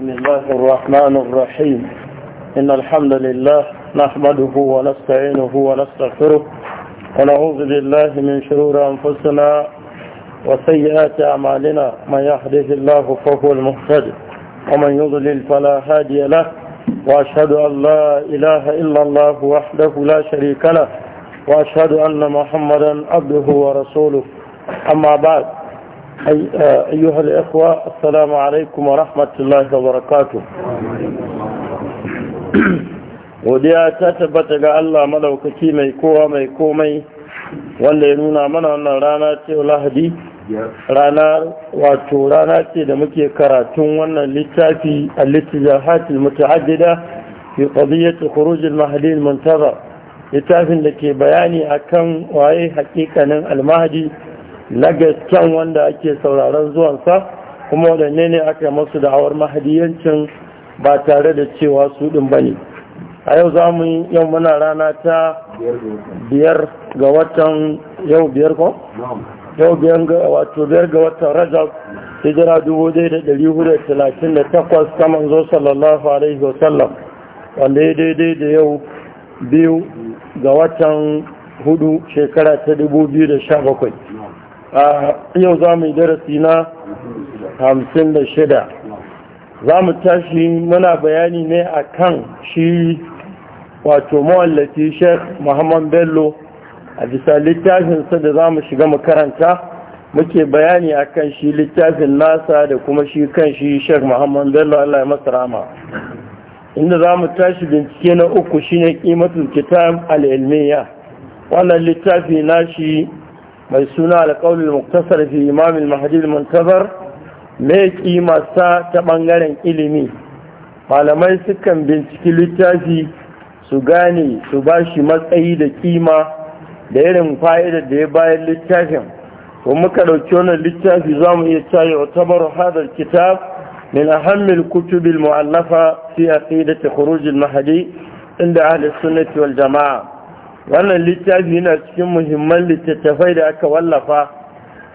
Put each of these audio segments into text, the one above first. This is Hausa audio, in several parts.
بسم الله الرحمن الرحيم إن الحمد لله نحمده ونستعينه ونستغفره ونعوذ بالله من شرور أنفسنا وسيئات أعمالنا من يهده الله فهو المهتد ومن يضلل فلا هادي له وأشهد أن لا إله إلا الله وحده لا شريك له وأشهد أن محمدا عبده ورسوله أما بعد أيها الإخوة السلام عليكم ورحمة الله وبركاته godiya ta tabbata ga Allah madaukaki mai kowa mai komai wanda ya nuna mana wannan rana ce lahadi rana wato rana ce da muke karatun wannan littafi al-littijahatul muta'addida fi qadiyyati khuruj al-mahdi al-muntazar littafin da ke bayani akan waye haƙiƙanin al na gasken wanda ake sauraron zuwansa kuma wadanne ne aka masu da'awar mahadiyancin ba tare da cewa su din ba ne a yau za mu yau muna rana ta biyar ga watan yau biyar ko? yau biyar ga wato biyar ga watan rajab hijira dubu da da dari hudu talatin da takwas ta manzo sallallahu alaihi wasallam wanda ya daidai da yau biyu ga watan hudu shekara ta dubu biyu da sha bakwai. A yau za mu yi darasi na hamsin da shida za mu tashi muna bayani ne a kan shi wato mawallafi sheikh muhammad bello a bisa littafinsa da za mu shiga makaranta muke bayani a kan shi littafin nasa da kuma shi kan shi sheikh muhammad bello allah ya masarama inda za mu tashi bincike na uku shine kimatul kitab al-ilmiya wannan littafi shi. mai suna alƙaunin muktasar fi imamin mahajir muntazar mai kimarsa ta ɓangaren ilimi malamai sukan binciki littafi su gane su ba shi matsayi da ƙima da irin fa'idar da ya bayan littafin to muka ɗauki wannan littafi za mu iya caye wa tabar hadar kitab min ahammil kutubil mu'allafa fi da khurujil mahdi inda ahli sunnati wal jama'a wannan littafi yana cikin muhimman littattafai da aka wallafa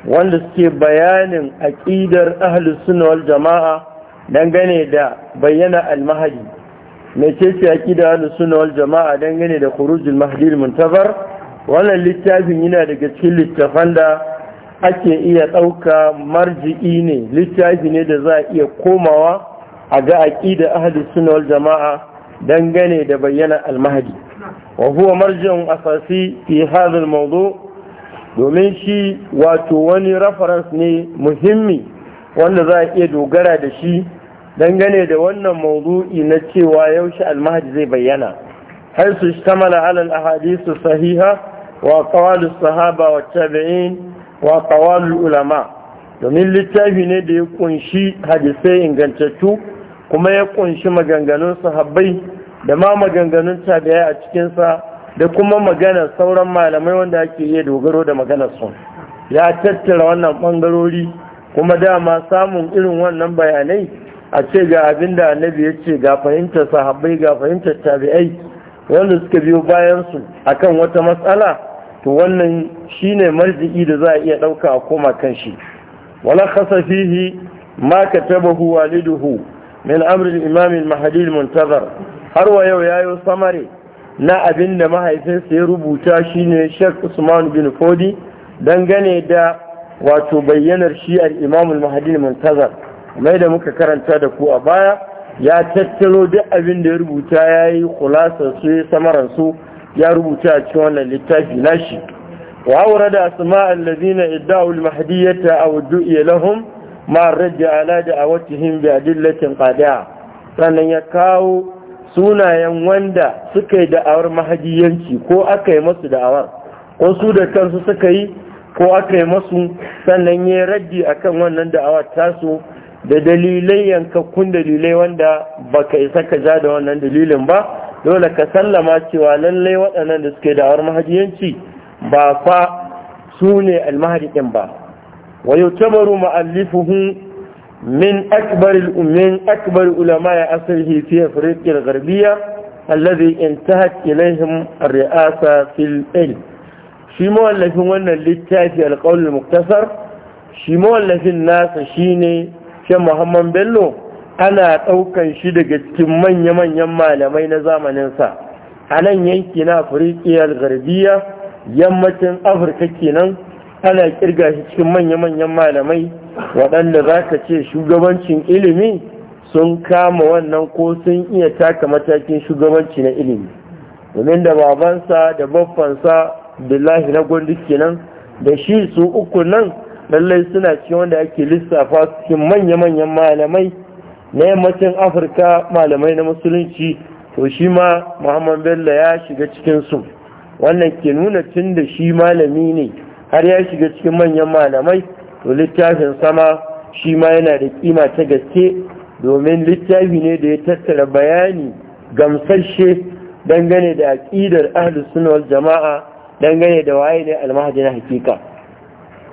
wanda suke bayanin aƙidar ahlus sunna wal jama'a dangane da bayyana almahadi mai ce ce aƙidar ahlus sunna wal jama'a dangane da khurujul mahdi muntazar wannan littafin yana daga cikin littafan da ake iya ɗauka marji'i ne littafi ne da za a iya komawa a ga aƙidar ahlus sunna wal jama'a dangane da bayyana almahadi wa huwa marjin asasi fi hadha domin shi wato wani reference ne muhimmi wanda za a iya dogara da shi dangane da wannan mawdu'i na cewa yaushe almahdi zai bayyana har su shtamala ala al-ahadith sahiha wa qawalu sahaba wa tabi'in wa qawalu ulama domin littafi ne da ya kunshi hadisai ingantattu kuma ya kunshi maganganun sahabbai da ma maganganun tabi'ai a cikinsa da kuma maganar sauran malamai wanda ake iya dogaro da maganar su ya tattara wannan bangarori kuma dama samun irin wannan bayanai a ce ga abin da annabi ya ce ga fahimtar sahabbai ga fahimtar tabi'ai wanda suka biyo bayan su akan wata matsala to wannan shine marji'i da za a iya ɗauka a koma kan shi wala khasa fihi ma katabahu waliduhu min amri al-imam al-mahdi al har wa yau yayo samari na abin da mahaifinsa ya rubuta shine Sheikh Usman bin Fodi dangane da wato bayyanar shi al-Imam al-Mahdi Muntazar mai da muka karanta da ku a baya ya tattaro duk abin da ya rubuta yayi khulasa su samaran su ya rubuta a cikin wannan littafi nashi wa awrada asma' allazina idda'u al-mahdiyyata aw du'iya lahum ma rajja ala da'awatihim bi adillatin qadi'a sannan ya kawo sunayen wanda suka yi da'awar mahajiyanci ko aka yi masu da'awar ko su da kansu suka yi ko aka yi masu sannan ya raddi akan wannan da'awar tasu da dalilai yankakkun dalilai wanda baka isa ka ja da wannan dalilin ba dole ka sallama cewa lallai waɗannan da suke da'awar mahajiyanci ba fa su ne almahadi ɗin ba wa tabaru ma'allifuhum من أكبر من أكبر علماء عصره في أفريقيا الغربية الذي انتهت إليهم الرئاسة في العلم shi mawallafin wannan littafi alƙawar muktasar shi mawallafin nasa shine shan muhammad bello ana ɗaukan shi daga cikin manya-manyan malamai na zamaninsa a nan yanki na afirkiyar garbiya yammacin afirka kenan ana kirga shi cikin manya-manyan malamai waɗanda za ka ce shugabancin ilimi sun kama wannan ko sun iya taka matakin shugabanci na ilimi domin da babansa da baffansa billahi na gwandu kenan da shi su uku nan lallai suna ce wanda ake lissafa cikin manya-manyan malamai na yammacin afirka malamai na musulunci to shi ma muhammad bello ya shiga cikinsu wannan ke nuna tun da shi malami ne har ya shiga cikin manyan malamai to littafin sama shi ma yana da kima ta gaske domin littafi ne da ya tattara bayani gamsasshe dangane da aƙidar ahlus sunna wal jama'a dangane da waye ne almahdi na hakika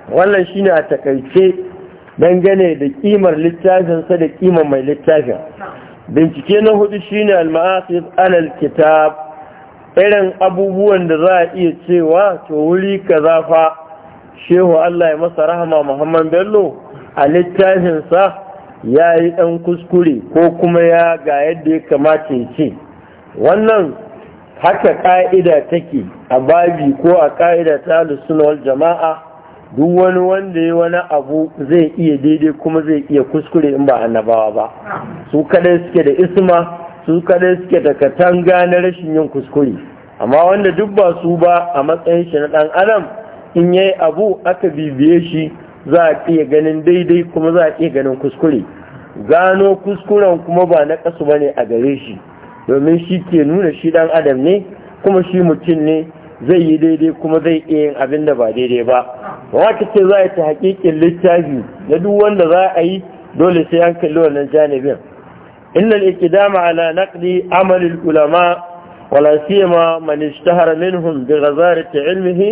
wannan shine a takaice dangane da kimar littafin sa da kimar mai littafin bincike na hudu shine al-ma'asif alal kitab irin abubuwan da za a iya cewa to wuri kaza fa shehu Allah ya masa rahama Muhammad Bello a littafinsa ya yi ɗan kuskure ko kuma ya ga yadda ya kamata ya ce wannan haka ƙa'ida take a babi ko a ƙa'ida ta wal jama'a duk wani wanda ya wani abu zai iya daidai kuma zai iya kuskure in ba annabawa ba su kadai suke da isma su kadai suke da katanga na rashin yin kuskure amma wanda duk ba su ba a matsayin shi na ɗan adam in yayi abu aka bibiye shi za a iya ganin daidai kuma za a iya ganin kuskure gano kuskuren kuma ba na kasu bane a gare shi domin shi ke nuna shi dan adam ne kuma shi mutum ne zai yi daidai kuma zai iya yin abin da ba daidai ba wata ce za a ta hakikin littafi na duk wanda za a yi dole sai an kalli wannan janibin inna al-iqdama ala naqdi amal al-ulama wala siyama man ishtahara minhum bi ghazarati ilmihi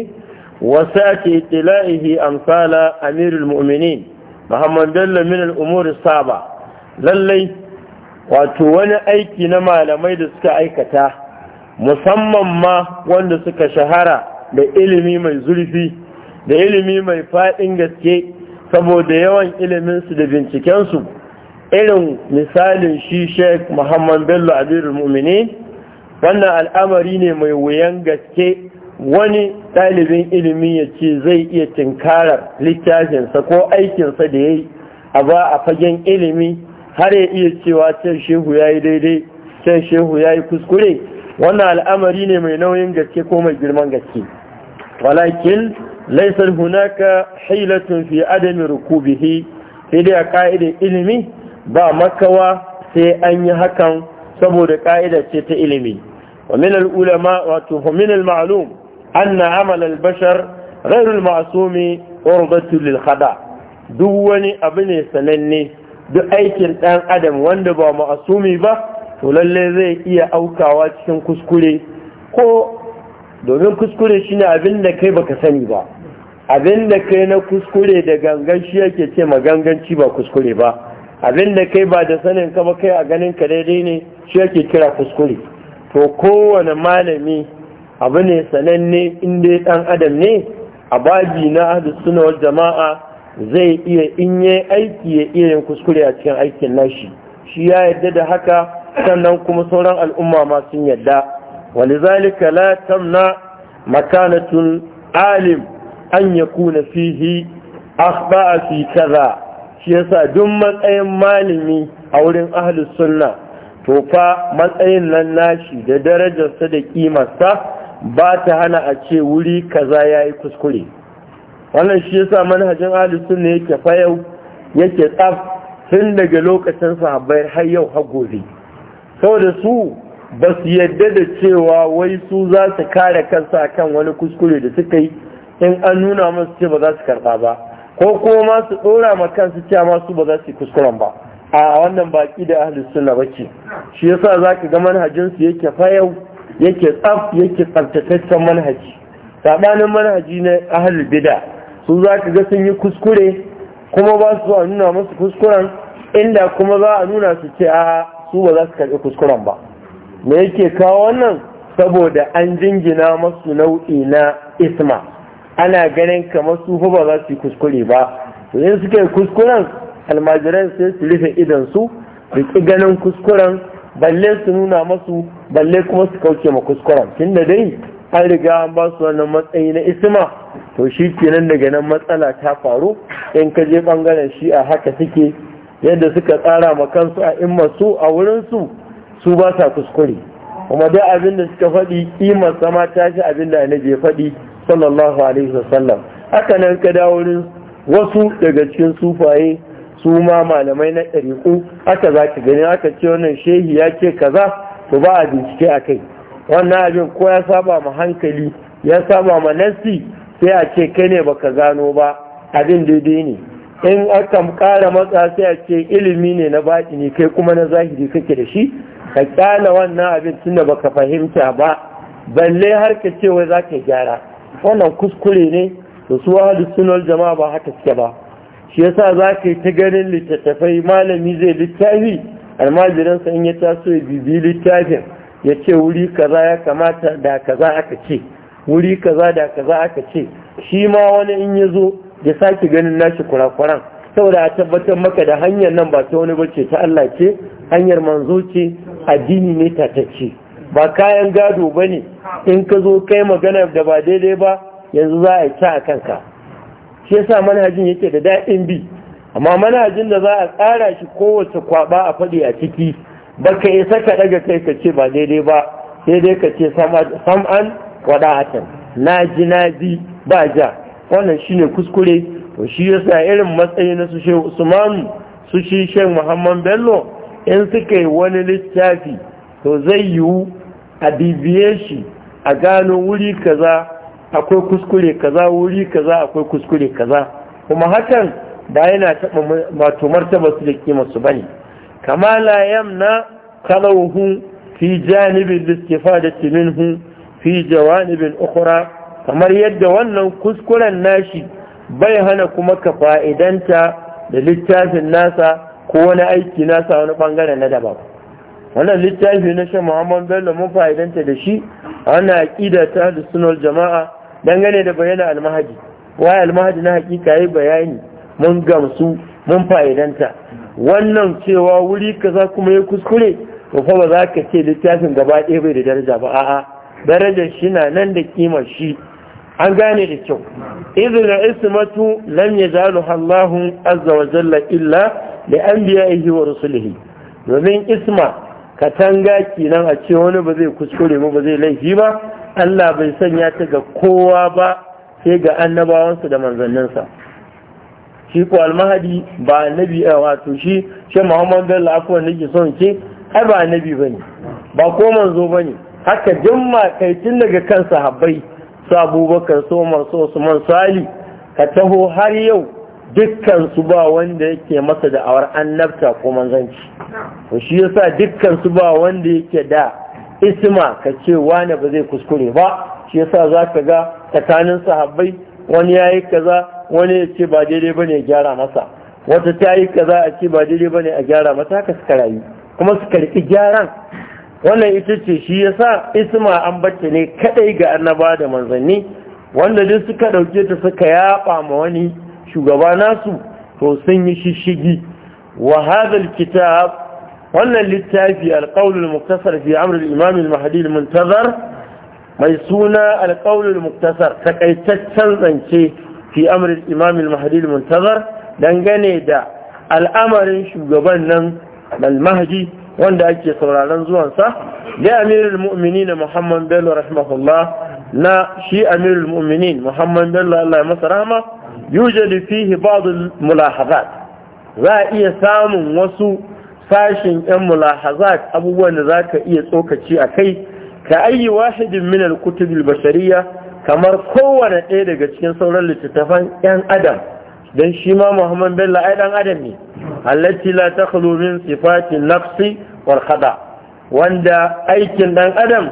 وسأت إطلائه أمثال أمير المؤمنين محمد Saba, lallai wato wani aiki na malamai da suka aikata, musamman ma wanda suka shahara da ilimi mai zurfi da ilimi mai faɗin gaske saboda yawan iliminsu da bincikensu irin misalin shi Sheikh muhammad bello abirul mumini wannan al'amari ne mai wuyan gaske wani ɗalibin ilimi ya ce zai iya tinkarar littafinsa ko aikinsa da ya yi a ba a fagen ilimi har ya iya cewa can shehu ya yi daidai can shehu ya yi kuskure wannan al'amari ne mai nauyin gaske ko mai girman gaske walakin laisar hunaka hailatun fi adamin rukubihi sai dai a ka'idar ilimi ba makawa sai an yi hakan saboda ka'ida ce ta ilimi ومن min al-ulama wato أن عمل البشر غير المعصوم duk wani abu ne sananne duk aikin ɗan adam wanda ba ma'asumi ba to lalle zai iya aukawa cikin kuskure ko domin kuskure shine abin da kai baka sani ba abin da kai na kuskure da gangan shi yake ce ma ganganci ba kuskure ba abin da kai ba da sanin ka ba kai a ganin ka daidai ne shi yake kira kuskure to kowane malami abu ne sananne in dai ɗan adam ne a baji na ahlus sunna jama'a zai iya in yi aiki ya iya yin kuskure a cikin aikin nashi shi ya yadda da haka sannan kuma sauran al'umma ma sun yadda walizalika la tamna makanatun alim an yakuna fihi akhba'a fi kaza shi yasa duk matsayin malami a wurin ahlus sunna to fa matsayin nan nashi da darajarsa da kimarsa ba ta hana a ce wuri kaza ya yi kuskure wannan shi yasa manhajin alisun ne yake fayau yake tsaf tun daga lokacin sahabbai har yau har gobe saboda su ba su yadda da cewa wai su za su kare kansa kan wani kuskure da suka yi in an nuna masu ce ba za su karɓa ba ko kuma su ɗora ma kansu cewa masu ba za su yi kuskuren ba a wannan baki da ahlus sunna bace shi yasa zaka ga manhajin su yake fayau yake tsaf yake tsaftataccen manhaji saɓanin manhaji na ahalul bida su za ka ga sun yi kuskure kuma ba su a nuna masu kuskuren inda kuma za a nuna su ce a su ba za su karɓi kuskuren ba me yake kawo wannan saboda an jingina masu nau'i na isma ana ganin kamar su ba za su yi kuskure ba in suke suke kuskuren almajiran sai su rufe idan su da ganin kuskuren balle su nuna masu balle kuma su kauce ma kuskuren tunda dai an riga an ba su wannan matsayi na isma to shi kenan daga nan matsala ta faru in ka je bangaren shi a haka suke yadda suka tsara ma kansu a in masu a wurin su su ba sa kuskure kuma dai abin da suka faɗi kimar sama ta shi abin da annabi ya faɗi sallallahu alaihi wasallam haka nan ka dawo wurin wasu daga cikin sufaye su ma malamai na ɗariƙu aka za ki gani aka ce wannan shehi ya ce kaza to ba a bincike a kai wannan abin ko ya saba ma hankali ya saba ma nasi sai a ce kai ne ba ka gano ba abin daidai ne in aka ƙara matsa sai a ce ilimi ne na baƙi ne kai kuma na zahiri kake da shi ka kyala wannan abin tunda baka fahimta ba balle har ka ce wai za ka gyara wannan kuskure ne da su ahlus jama'a ba haka suke ba shi yasa za ka yi ta ganin littattafai malami zai littafi almajiransa in ya taso ya bibi littafin ya ce wuri kaza ya kamata da kaza aka ce wuri kaza da kaza aka ce shi ma wani in ya zo ya sake ganin nashi kurakuran saboda a tabbatar maka da hanyar nan ba ta wani bace ta Allah ce hanyar manzo ce addini ne tatacce ba kayan gado ba ne in ka zo kai magana da ba daidai ba yanzu za a ci a kanka shi yasa manhajin yake da daɗin bi amma manhajin da za a tsara shi kowace kwaba a faɗi a ciki ba ka isa ka ɗaga kai ka ce ba daidai ba sai dai ka ce sam'an can. na ji na ji ba ja wannan shine kuskure to shi yasa irin matsayi na su shehu su shi shi muhammad bello in suka yi wani littafi to zai yiwu a bibiye shi a gano wuri kaza akwai kuskure kaza wuri kaza akwai kuskure kaza kuma hakan ba yana taɓa wato martaba su da kima su bane kama la yamna kalawhu fi janibin istifadati minhu fi jawanibin ukhra kamar yadda wannan kuskuren nashi bai hana kuma ka fa'idanta da littafin nasa ko wani aiki nasa wani bangare na daban wannan littafi na shi muhammad bello mun fa'idanta da shi ana ƙidata ta da sunar jama'a dangane da bayanin almahadi wai almahadi na hakika yi bayani mun gamsu mun fa'idanta wannan cewa wuri kaza kuma ya kuskure to fa ba za ka ce littafin gaba ɗaya bai da daraja ba a'a darajar shi na nan da kimar shi an gane da kyau idin na ismatu lam yazalu Allahu azza wa jalla illa li anbiya'ihi wa rusulihi domin isma katanga kinan a ce wani ba zai kuskure ba ba zai laifi ba Allah bai sanya ta ga kowa ba sai ga annabawansu da manzanninsa shi ko almahadi ba annabi a eh, wato shi shi muhammadu bello akwai ke son ke ai ba annabi bane ba ko manzo ne. haka jimma kai daga kan sahabbai su abubakar su umar su usman sali ka taho har yau dukkan ba wanda yake masa da awar annabta ko manzanci to shi yasa dukkan ba wanda yake da isma ka ce wane ba zai kuskure ba shi yasa za ka ga tsakanin sahabbai wani ya yi kaza wani ya ce ba daidai ba ne ya gyara masa wata ta yi kaza a ce ba daidai ba ne a gyara masa? haka suka rayu kuma su karɓi gyaran wannan ita ce shi yasa isma an bacce ne kadai ga annaba da manzanni wanda duk suka ɗauke ta suka yaɓa ma wani shugaba nasu to sun yi shishigi wa kitab wannan littafi alƙaulul muktasar fi amr al-imam muntazar mai suna alƙaulul muktasar takaitaccen zance fi amr al-imam al muntazar dangane da al'amarin shugaban nan al wanda ake sauraron zuwansa da amirul mu'minin muhammad bello rahimahullah na shi amirul mu'minin muhammad bello allah ya masa rahama yujadu fihi ba'd al-mulahazat za a iya samun wasu sashin yan mulahazat abubuwan da za ka iya tsokaci a kai ka ayi wahidin minal kutubil bashariya kamar kowane ɗaya daga cikin sauran littattafan yan adam Don shi ma Muhammad Bello ai ɗan adam ne halatti la ta min sifati nafsi wal wanda aikin ɗan adam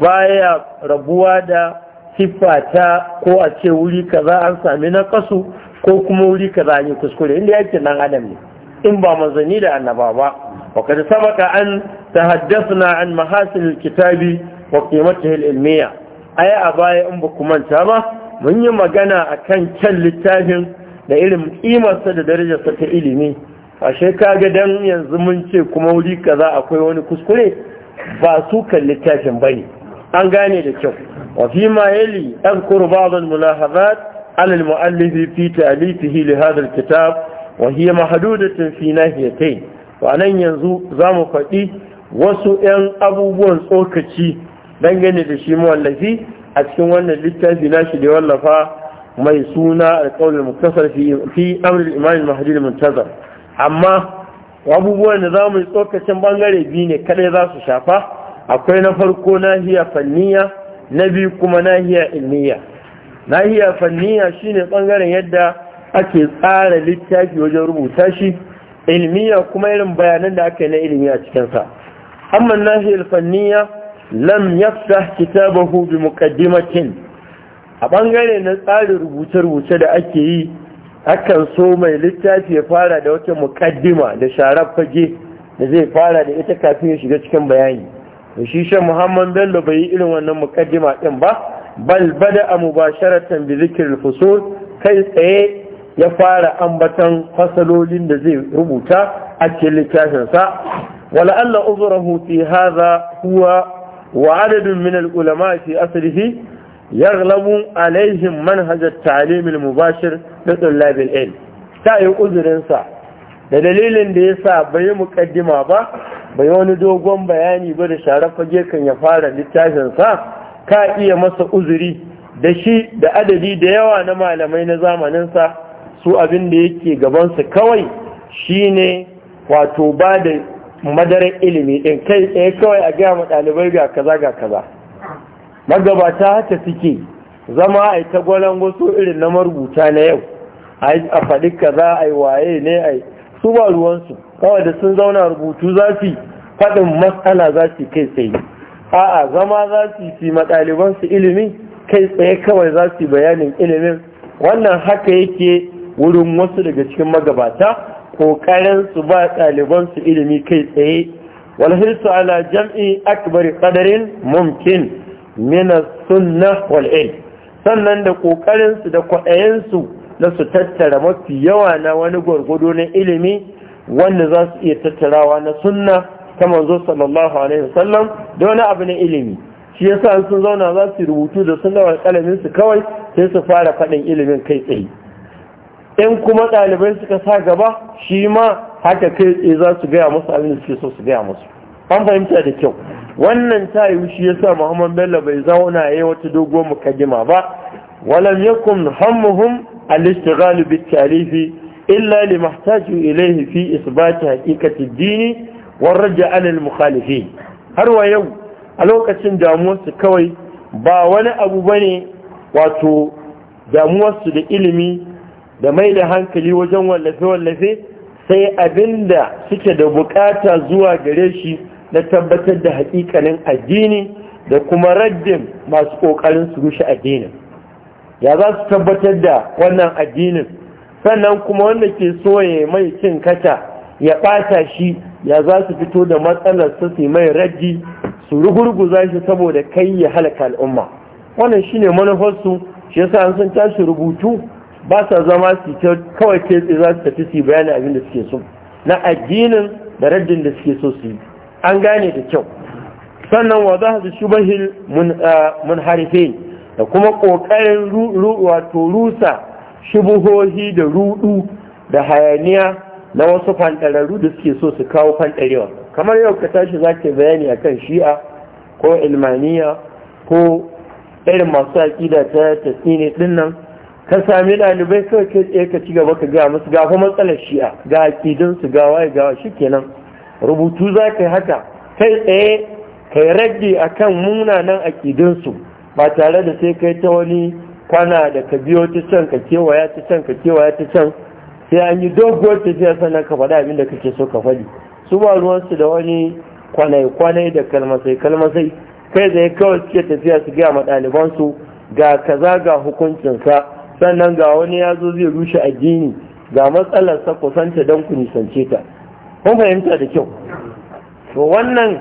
baya rabuwa da siffata ko a ce wuri kaza an sami na kasu ko kuma wuri kaza an yi kuskure inda yakin ɗan adam ne in ba manzanni da annaba ba wa sabaka an tahaddathna an mahasil kitabi wa qimatihi al-ilmiya ai a baya in ba manta ba mun yi magana akan kyan littafin da irin kimarsa da darajarsa ta ilimi ashe kaga dan yanzu mun ce kuma wuri kaza akwai wani kuskure ba su kan littafin bane an gane da kyau wa fi ma yali azkuru ba'd al-mulahazat ala al-mu'allif fi ta'lifihi li hadha kitab wa hiya mahdudatun fi nahiyatayn to anan yanzu zamu faɗi wasu 'yan abubuwan tsokaci dangane da shi mawallafi a cikin wannan littafi shi da wallafa mai suna alƙawar muktasar fi amrul imam mahdi muntazar amma abubuwan da zamu yi tsokacin bangare biyu ne kaɗai za su shafa akwai na farko nahiya fanniya na biyu kuma nahiya ilmiya nahiya fanniya shine bangaren yadda ake tsara littafi wajen rubuta shi ilmiya kuma irin bayanan da aka yi na ilimi a cikinsa amma nahiyar fanniya lam yafta kitabahu bi muqaddimatin a bangare na tsarin rubuce-rubuce da ake yi akan so mai littafi ya fara da wata mukaddima da sharar fage da zai fara da ita kafin ya shiga cikin bayani da shi shan muhammad bello bai yi irin wannan mukaddima din ba bal bada a mubasharatan bi zikir fusul kai tsaye ya fara ambatan fasalolin da zai rubuta a cikin littafinsa wala Allah uzurahu fi hadha huwa wa adadun min al-ulama fi asrihi yaghlabu alaihim manhaj at-ta'lim al-mubashir da tullab al-ilm ta yi uzurinsa da dalilin da yasa bai muqaddima ba bai wani dogon bayani ba da sharafa fage kan ya fara littafinsa ka iya masa uzuri da shi da adadi da yawa na malamai na zamaninsa su abin da yake gabansu kawai shine wato ba da madarar ilimi ɗin kai tsaye kawai a gaya ma ɗalibai ga kaza ga kaza magabata haka suke zama a yi tagwalon wasu irin na marubuta na yau a faɗi kaza a yi waye ne a su ba ruwansu kawai da sun zauna rubutu za su faɗin matsala za su kai tsaye a'a zama za su fi maɗalibansu ilimi kai tsaye kawai za su bayanin ilimin wannan haka yake wurin wasu daga cikin magabata ƙoƙarin su ba ɗaliban su ilimi kai tsaye wal ala jam'i akbar kadarin mumkin min as wal ilm sannan da ƙoƙarin su da kwaɗayen su na su tattara mafi yawa na wani gwargwado na ilimi wanda za su iya tattarawa na sunna ta manzo sallallahu alaihi wasallam da wani abu na ilimi shi yasa sun zauna za su rubutu da sunna wal kalamin su kawai sai su fara faɗin ilimin kai tsaye in kuma ɗalibai suka sa gaba shi ma haka kai tsaye za su gaya masu abin da suke so su gaya masu an fahimta da kyau wannan ta wushi shi yasa muhammad bello bai zauna ya yi wata doguwar mukaddima ba walam yakun hammuhum al-ishtighal bit talifi illa li mahtaju ilayhi fi isbat haqiqati ad-din wa raj'a al-mukhalifin har wa yau a lokacin damuwarsu kawai ba wani abu bane wato damuwarsu da ilimi da mai da hankali wajen wallafe-wallafe sai abinda suke da bukata zuwa gare shi na tabbatar da hakikanin addini da kuma raddin masu kokarin su rushe addinin ya za su tabbatar da wannan addinin sannan kuma wanda ke soye mai cin kata ya ɓata shi ya za su fito da matsalar su mai raddi su rugurguza shi saboda kai ya halaka al'umma wannan shine manufarsu shi yasa an sun tashi rubutu ba sa zama su kawai ce za su tafi su bayani abin da suke so na addinin da raddin da suke so su yi an gane da kyau sannan wa za su shubahil ah, harife da kuma ƙoƙarin wato rusa shubuhohi da rudu da hayaniya na wasu fantararru da suke so su kawo fantarewa kamar yau ka tashi za ka bayani akan shi'a ko ilmaniya ko irin masu aƙida ta tasini ɗinnan ka sami ɗalibai kawai ka tsaye ka ci gaba ka gaya musu gafa matsalar shi'a ga akidinsu ga waye gawa shi kenan rubutu za ka yi haka kai tsaye ka yi ragge a kan munanan akidinsu ba tare da sai kai ta wani kwana da ka biyo ta can ka kewaya ta can ka kewaya ta can sai an yi doguwar tafiya sannan ka faɗa abin da kake so ka faɗi su ba ruwansu da wani kwanai-kwanai da kalmasai-kalmasai kai zai kawai suke tafiya su gaya ma ɗalibansu ga kaza ga hukuncinsa sannan ga wani ya zo zai rushe addini ga matsalar sa kusanta don ku nisance ta kun fahimta da kyau to wannan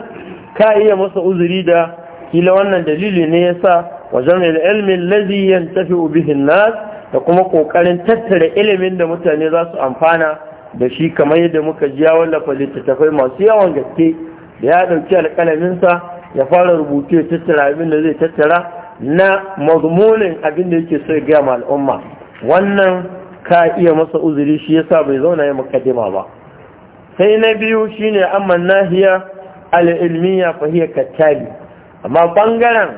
ka iya masa uzuri da kila wannan dalili ne yasa wajen ilmin lazi tafi ubihin nas da kuma kokarin tattara ilimin da mutane za su amfana da shi kamar yadda muka ji ya wallafa littattafai masu yawan gaske da ya dauki alƙalaminsa ya fara rubutu ya tattara abin da zai tattara na mazmunin abin da yake so ya gaya ma al'umma wannan ka iya masa uzuri shi yasa bai zauna ya makadima ba sai na biyu shine amma nahiya al-ilmiya fa hiya kattabi amma bangaren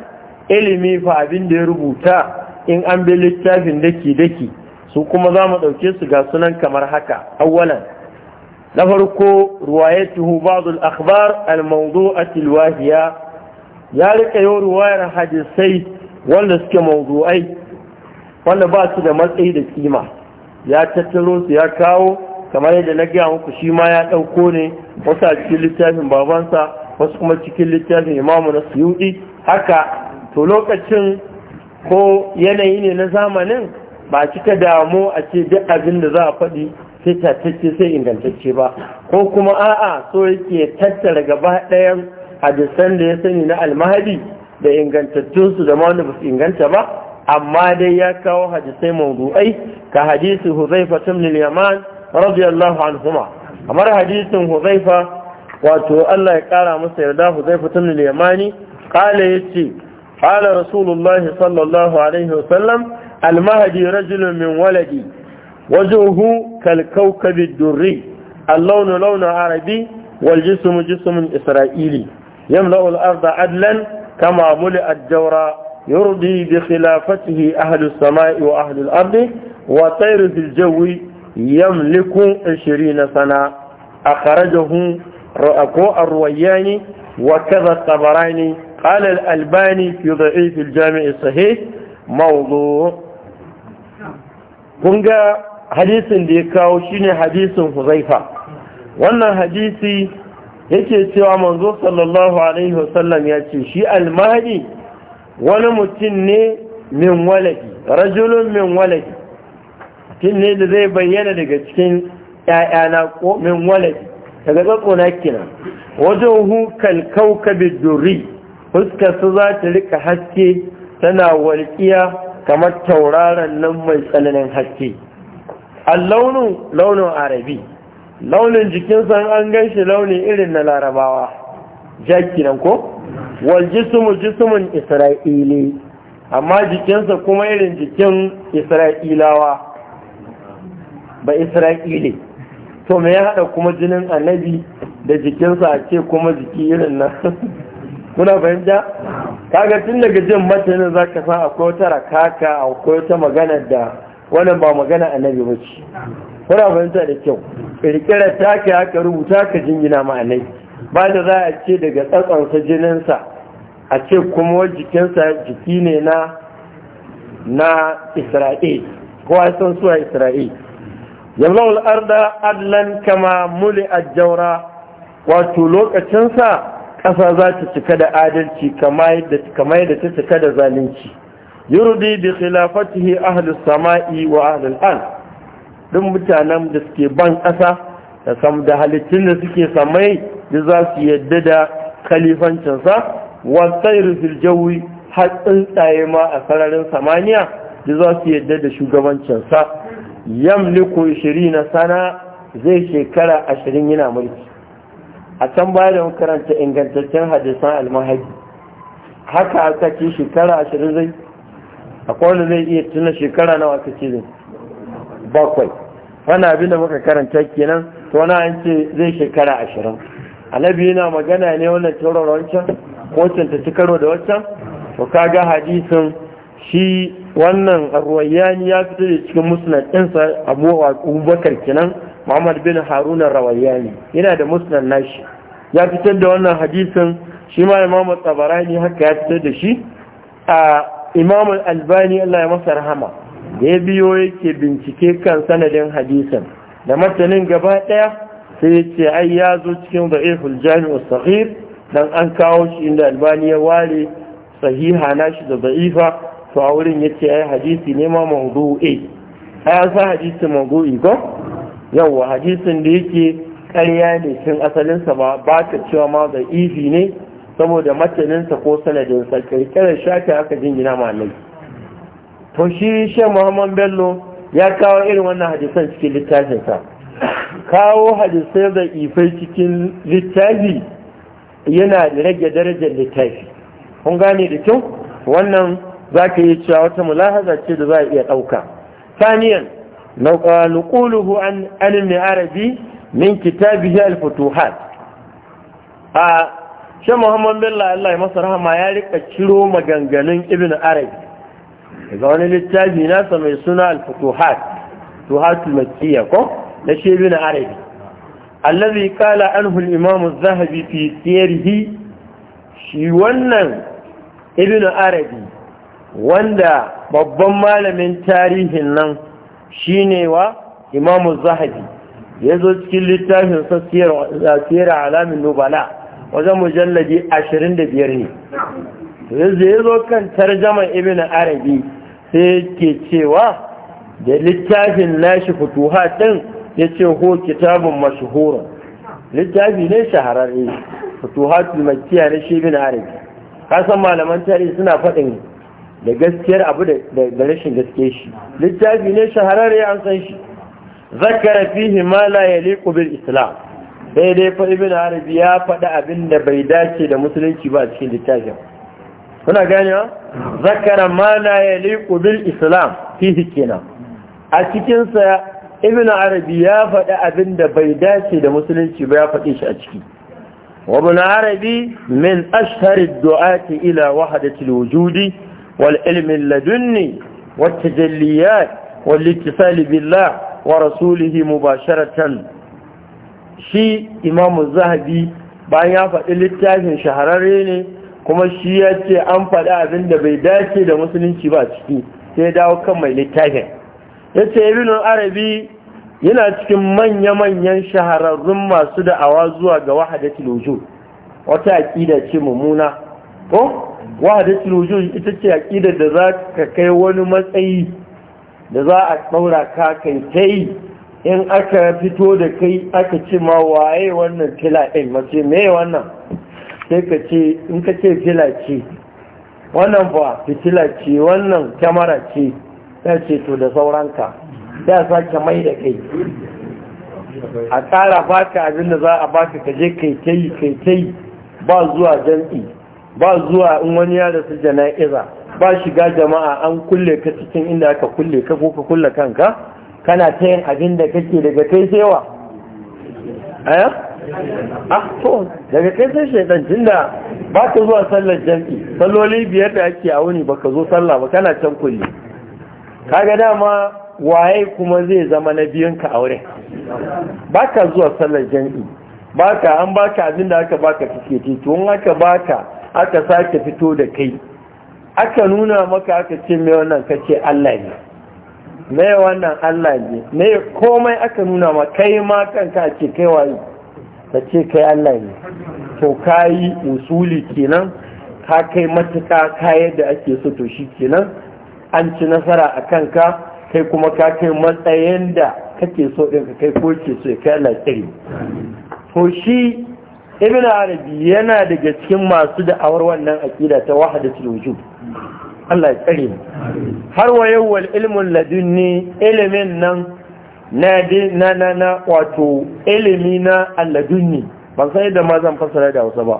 ilimi fa abin da ya rubuta in an bi littafin daki daki su kuma za mu ɗauke su ga sunan kamar haka awwalan na farko ruwayatuhu ba'd al-akhbar al-mawdu'ati al-wahiya ya rika yau ruwayar hadisai wanda suke mawdu'ai wanda ba su da matsayi da kima ya tattaro su ya kawo kamar yadda na gaya muku shi ma ya ɗauko ne wasu a cikin littafin babansa wasu kuma cikin littafin imamu na yi haka to lokacin ko yanayi ne na zamanin ba cika damu a ce duk abin da za a faɗi sai tattace sai ingantacce ba ko kuma a'a so yake tattara gaba ɗayan hadisan da ya sani na almahadi da ingantattunsu da ma wanda ba su inganta ba amma dai ya kawo hadisai mawdu'ai ka hadisi huzaifa ibn yaman radiyallahu anhuma kamar hadisin huzaifa wato Allah ya kara masa yarda huzaifa ibn yamani qala yace qala rasulullahi sallallahu alaihi wasallam المهدي رجل من ولدي وجهه كالكوكب الدري arabi لون عربي والجسم Isra'ili. إسرائيلي يملأ الأرض عدلا كما ملئ الجورى يرضي بخلافته أهل السماء وأهل الأرض وطير في الجو يملك عشرين سنة أخرجه الروياني وكذا الطبراني قال الألباني في ضعيف الجامع الصحيح موضوع كنغا hadisin da ya kawo shine hadisin huzaifa wannan hadisi yake cewa manzo sallallahu alaihi wasallam ya ce shi almahdi wani mutum ne min waladi rajulun min waladi mutum ne da zai bayyana daga cikin ‘ya'yana ko min waladi daga tsatsona kina wajen hukal kaukabi duri su za ta rika haske tana walƙiya kamar tauraron nan mai tsananin haske allaunin launin arabi launin jikinsa an gan shi launi irin na larabawa jaki nan ko wal jismu jismun isra'ili amma jikinsa kuma irin jikin isra'ilawa ba isra'ili to me ya hada kuma jinin annabi da jikinsa a ce kuma jiki irin nan kuna fahimta kaga tun daga jin matanin za ka san akwai wata rakaka akwai wata magana da wannan ba magana annabi ba ce kuna fahimta da kyau ƙirƙirar ke haka rubuta ka jingina ma'anai ba da za a ce daga tsatsonsa jininsa a ce kuma jikinsa jiki ne na na isra'il kowa san suwa isra'il yamlau arda adlan kama muli jaura wato lokacinsa ƙasa za ta cika da adalci kama yadda ta cika da zalunci yurdi bi khilafatihi ahlus sama'i wa ahlul ardh duk mutanen da suke ban ƙasa da sam da halittun da suke samai da za su yadda da kalifancinsa wasair fil jawi har tsuntsaye ma a sararin samaniya da za su yadda da shugabancinsa yamliku na sana zai shekara ashirin yana mulki a can baya da karanta ingantaccen hadisan almahadi haka aka ce shekara ashirin zai a kwanu zai iya tuna shekara nawa aka ce bakwai Wana abin da muka karanta kenan to wani an ce zai shekara ashirin annabi yana magana ne wannan taurara wancan ko ta ci karo da wancan to kaga hadisin shi wannan rawayani ya fito da cikin musnad ɗinsa abu abubakar kenan muhammad bin haruna rawayani yana da musnad nashi ya fitar da wannan hadisin shi ma imamu tsabarani haka ya fitar da shi a imamu albani allah ya masa rahama da ya biyo yake bincike kan sanadin hadisan da martanin gaba ɗaya sai ya ce ai ya zo cikin da'iful jami'u sahih dan an kawo shi inda albani ya ware sahiha na shi da da'ifa to a wurin ya ce ai hadisi ne ma mawdu'i ai an sa hadisi mawdu'i ko yawa hadisin da yake ƙarya ne cikin asalinsa ba ba ta cewa ma da'ifi ne saboda mataninsa ko sanadinsa kirkirar shafi aka jingina malai to shi shan muhammad bello ya kawo irin wannan hadisan cikin littafinsa kawo hadisai da ifai cikin littafi yana rage darajar littafi kun gane da kyau wannan zaka ka yi cewa wata mulahaza ce da za a iya ɗauka saniyan arabi min علم alfutuhat من كتابه muhammad bello allah ya masa rahama ya rika ciro maganganun Ibn arabi daga wani littafi nasa mai suna al-futuhat tuhatul makiyya ko na shebi na arabi allazi qala anhu al-imam zahabi fi siyarihi shi wannan ibnu arabi wanda babban malamin tarihin nan shine wa imam zahabi? Ya zo cikin littafin sa siyar alamin nubala wajen mujalladi 25 ne yanzu ya zo kan tarjaman ibn arabi sai ke cewa da littafin nashi fituha din ya ce ho kitabun mashuhura littafi ne shahararre futuhatul makkiya na shi ibn arabi kasan malaman tarihi suna faɗin da gaskiyar abu da rashin gaske shi littafi ne shahararre an san shi zakara fihi ma la yaliqu bil islam daidai fa ibn arabi ya faɗi abin da bai dace da musulunci ba cikin littafin kuna ganewa zakara ma ya yaliqu bil islam fihi kenan a cikinsa Ibn ibnu arabi ya faɗi abin da bai dace da musulunci ba ya faɗi shi a ciki wa arabi min ashhari du'ati ila wahdati al wal ilmi al-ladunni wat tajalliyat wal ittisal wa rasulihi mubasharatan shi imamu zahabi bayan ya faɗi littafin shahararre ne kuma shi ya ce an faɗi abin da bai dace da musulunci ba ciki sai dawo kan mai littafin ya ce ibn arabi yana cikin manya-manyan shahararrun masu da'awa zuwa ga wahada tilojo. wata aƙida ce mummuna ko wahadatul wujud ita ce aƙida da za ka kai wani matsayi da za a ɗaura ka kai kai in aka fito da kai aka ce ma waye wannan tila ɗin mace me wannan sai ka ce in ka ce fila ce wannan ba fitila ce wannan kyamara ce ya ce to da sauranka ya sake mai da kai a ƙara baka abin da za a baka ka je kai ta yi kai ba zuwa jam'i ba zuwa in wani ya su jana'iza ba shiga jama'a an kulle ka cikin inda aka kulle ka ko ka kulle kanka kana ta yin abin da kake daga kai sewa Ah, to daga kai sai shaidan tunda ba ka zuwa sallar jam'i salloli biyar da ake a wuni ka zo sallah ba kana can kulle kaga dama waye kuma zai zama na biyun ka aure ba ka zuwa sallar jam'i ba ka an ba ka abin da aka baka kake titi in aka baka aka sake fito da kai aka nuna maka aka ce mai wannan kace Allah ne mai wannan Allah ne mai komai aka nuna ma kai ma kanka ce kai waye ta ce kai Allah ne to ka usuli kenan ka kai matuka kayan da ake so to shi kenan an ci nasara a kanka kai kuma ka kai matsayin da kake so ɗin ka kai ko ke so kai Allah tsari to shi ibn arabi yana daga cikin masu da'awar wannan aƙida ta wahadatul wujub Allah ya tsare har wa yau ilmun ladunni ilimin nan na na na na wato ilimi na alladunni ban san yadda ma zan fasara da wasu ba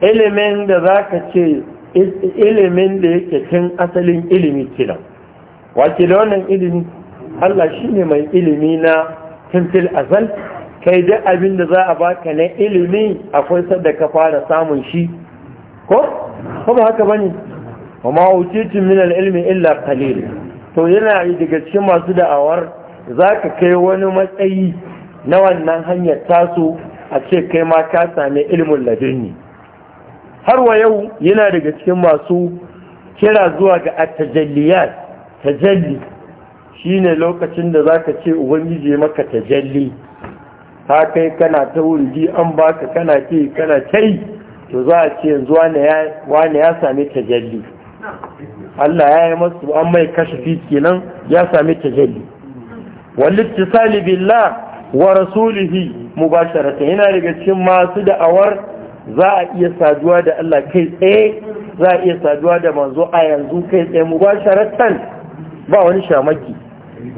ilimin da za ka ce ilimin da yake tun asalin ilimi kenan, wace da wannan ilimi Allah shi ne mai ilimi na tuntil azal kai duk abin da za a baka na ilimi akwai sadda ka fara samun shi ko? ko ba haka bane wa ma'utitun min al-ilmi illa qalil to yana daga cikin masu da'awar za ka kai wani matsayi na wannan hanyar taso a ce kai ma ka sami ilimin ladini har wa yau yana daga cikin masu kira zuwa ga attajalliyat tajalli ne lokacin da za ka ce ubangiji maka tajalli ta kai kana ta wurgi an baka kana ce kana kai to za a ce yanzu wani ya sami tajalli Allah ya yi masu an mai kashe kenan ya sami tajalli walittisali billah wa rasulihi mubasharata yana daga cikin masu da'awar za a iya saduwa da Allah kai tsaye za a iya saduwa da manzo a yanzu kai tsaye mubasharatan ba wani shamaki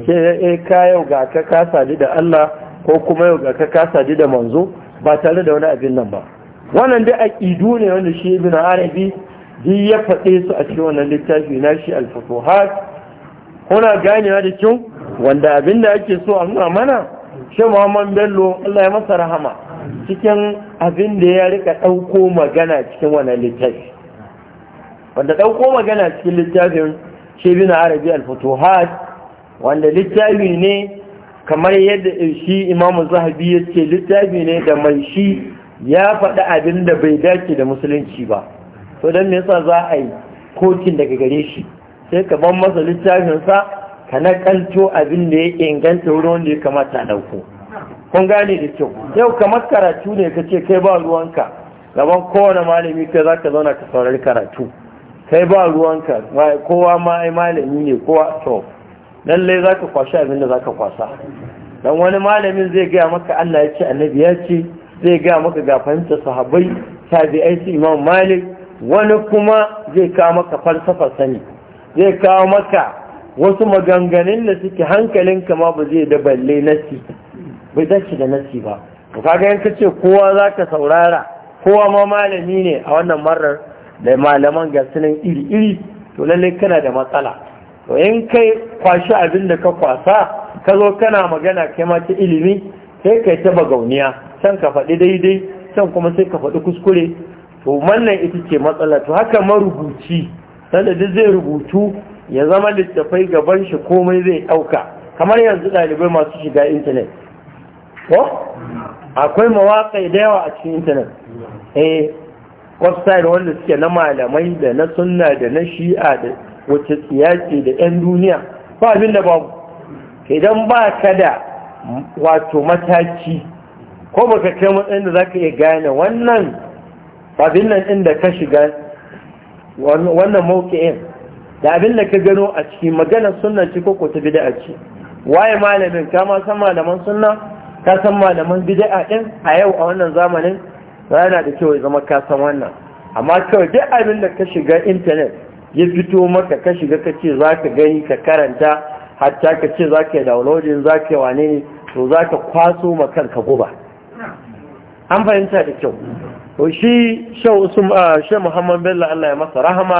ke eh ka yau ga ka ka sadu da Allah ko kuma yau ga ka ka sadu da manzo ba tare da wani abin nan ba wannan da aqidu ne wanda shi ibn arabi duk ya faɗe su a cikin wannan littafi na shi al kuna ganewa da kyau wanda abin da ake so a nuna mana shi muhammad bello allah ya masa rahama cikin abin da ya rika ɗauko magana cikin wani littafi wanda ɗauko magana cikin littafin na arabi al wanda littafi ne kamar yadda shi imamu zahabi ya ce littafi ne da mai shi ya faɗi abin da bai dace da musulunci ba to don me yasa za a yi kotin daga gare shi sai ka ban masa littafinsa ka nakalto abin da ya inganta wurin wanda ya kamata ɗauko kun gane da kyau yau kamar karatu ne ka ce kai ba ruwanka gaban kowane malami kai za ka zauna ka saurari karatu kai ba ruwanka kowa ma ai malami ne kowa to lallai za ka kwashi abin da za ka kwasa dan wani malamin zai gaya maka Allah ya ce annabi ya ce zai gaya maka ga fahimta sahabbai tabi'ai su imam malik wani kuma zai kawo maka falsafa sani zai kawo maka wasu maganganun da suke hankalin kama ba zai da balle nasi bai dace da nasi ba to kaga yan kace kowa zaka saurara kowa ma malami ne a wannan marar da malaman ga iri iri to lallai kana da matsala to in kai kwashi abin da ka kwasa ka zo kana magana kai ma ta ilimi sai kai ta bagauniya San ka faɗi daidai can kuma sai ka faɗi kuskure to wannan ita ce matsala to haka marubuci sanda duk zai rubutu ya zama littafai gaban shi komai zai ɗauka kamar yanzu ɗalibai masu shiga intanet ko akwai mawaƙai da yawa a cikin intanet eh website wanda suke na malamai da na sunna da na shi'a da wacce tsiyaci da 'yan duniya ba abin da babu idan ba ka da wato mataki ko ba ka kai matsayin da za ka iya gane wannan babin nan inda ka shiga wannan mawuƙi'in da abin da ka gano a ciki magana sunan ci ko ta bid'a ci waye malamin ka ma san malaman sunna ka san malaman bid'a din a yau a wannan zamanin yana da kyau ya zama ka san wannan amma kawai duk abin da ka shiga intanet ya fito maka ka shiga ka ce za ka gani ka karanta hatta ka ce za ka yi downloading za ka yi wane to za ka kwaso ma ka guba an fahimta da kyau to shi shi ah, muhammadu bello allah ya masa rahama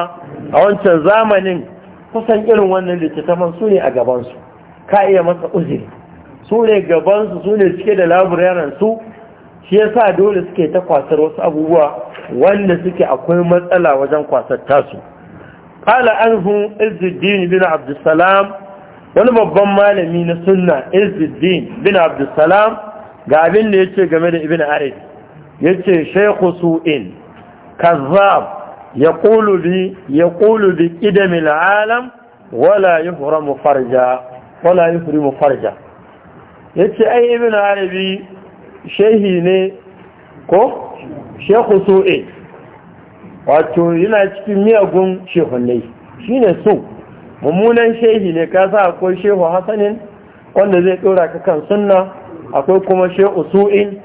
a wancan zamanin kusan irin wannan littattafan su ne a gabansu ka iya masa uzuri su ne gabansu su ne suke da labirarin su shi sa dole suke ta kwasar wasu abubuwa wanda suke akwai matsala wajen kwasar tasu ƙala an hun izuddin bin abdulsalam wani babban malami na sunna izuddin bin abdulsalam ga abin da ya ce game da ibn arif yace shaykhu su'in kazzab yaqulu bi yaqulu bi qidam al'alam wala yuhramu farja wala yuhrimu farja yace ai ibn arabi shehi ne ko shaykhu su'in wato yana cikin miyagun shehunai shine su mummunan shehi ne kasa akwai shehu hasanin wanda zai ɗora ka kan sunna akwai kuma shehu su'in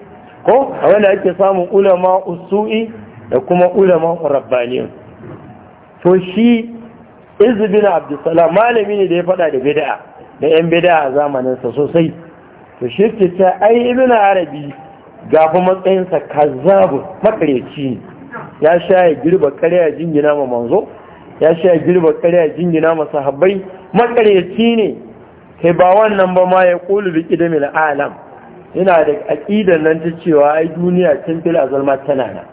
ko a wanda ake samun ulama usu'i da kuma ulama rabbani to shi izbin abdulsalam malami ne da ya faɗa da bid'a da yan bid'a a zamanin sa sosai to shi ke ta ai ibn arabi gafi matsayinsa kazzabu makareci ya sha ya girba karya jingina ma manzo ya sha ya girba karya jingina ma sahabbai makareci ne kai ba wannan ba ma ya qulu bi kidamil alam yana da aƙidar nan ta cewa ai duniya tun fil a ma tana nan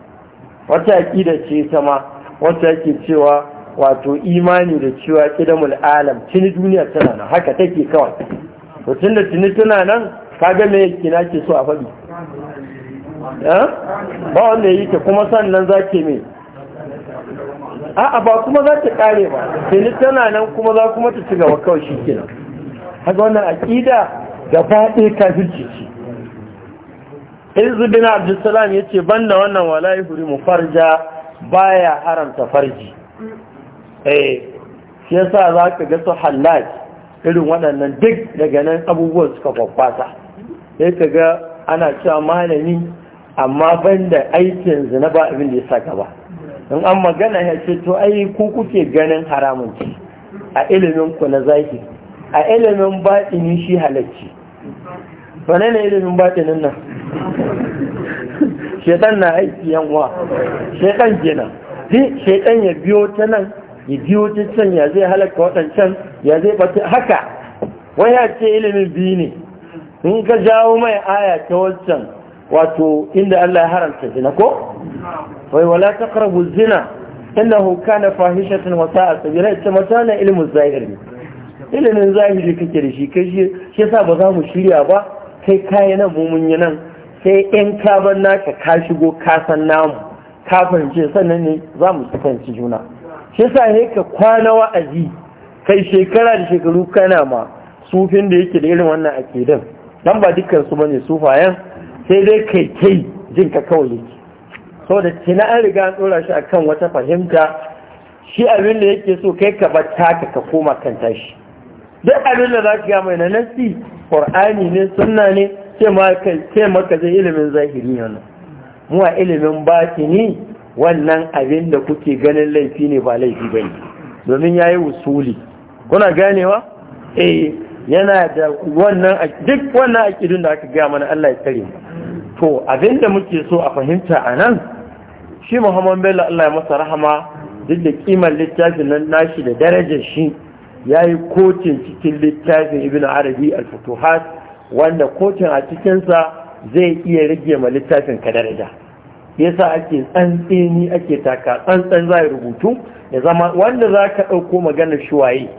wata aƙida ce ta ma wata ake cewa wato imani da cewa kidamul alam tuni duniya tana nan haka take kawai to tun da tuni tana nan kaga me kina ke so a faɗi eh? ba wanda ya yi ta kuma sannan za ke me a'a ba kuma za ta ƙare ba tuni tana nan kuma za kuma ta ci gaba kawai shi kenan haka wannan aƙida gaba ɗaya kafirci ce izubin abdulsalam ya ce ban da wannan walayi huri mu farja baya haramta farji eh shi ya sa za ka ga su hallaj irin waɗannan duk daga nan abubuwan suka kwakwasa sai ka ga ana cewa malami amma ban da aikin zina ba abin da ya sa gaba in an magana ya ce to ai ku kuke ganin haramun a ilimin ku na zaki a ilimin baɗini shi halacci wane ne ilimin baɗinin nan shaitan na aiki yanwa uwa shaitan kenan sai shaitan ya biyo ta nan ya biyo ta can ya zai halaka waɗancan ya zai ɓace. haka wani ya ce ilimin biyu ne in ka jawo mai aya ta wancan wato inda Allah ya haramta zina ko wai wala taqrabu zina inda innahu na fahishatan wata sa'a tsibira ita na ilimin zahiri ilimin zahiri kake da shi kai shi ya sa ba za mu shirya ba kai kayi nan nan sai in ka bar naka ka shigo ka san namu ka fahimce sannan ne za mu fahimci juna shi sa ne ka kwana wa'azi kai shekara da shekaru kana ma sufin da yake da irin wannan akidan dan ba dukkan su bane sufayen sai dai kai kai jin ka kawai yake saboda tina an riga an dora shi akan wata fahimta shi abin da yake so kai ka bar taka ka koma kan tashi duk abin da za ka ga mai na nasi qur'ani ne sunna ne ce maka zai ilimin zahiri ne mu a ilimin batini wannan abin da kuke ganin laifi ne ba laifi ba ne domin ya yi wusuli kuna ganewa eh yana da wannan duk wannan akidun da aka gaya mana Allah ya tsare to abin da muke so a fahimta anan, shi Muhammad Bello Allah ya masa rahama duk da kimar littafin nan nashi da darajar shi yayi kocin cikin littafin Ibn Arabi al-Futuhat wanda kotun a cikinsa zai iya rage ma littafin ka daraja yasa ake tsantseni ake taka tsantsan zai rubutu ya zama wanda za ka ɗauko maganar shuwaye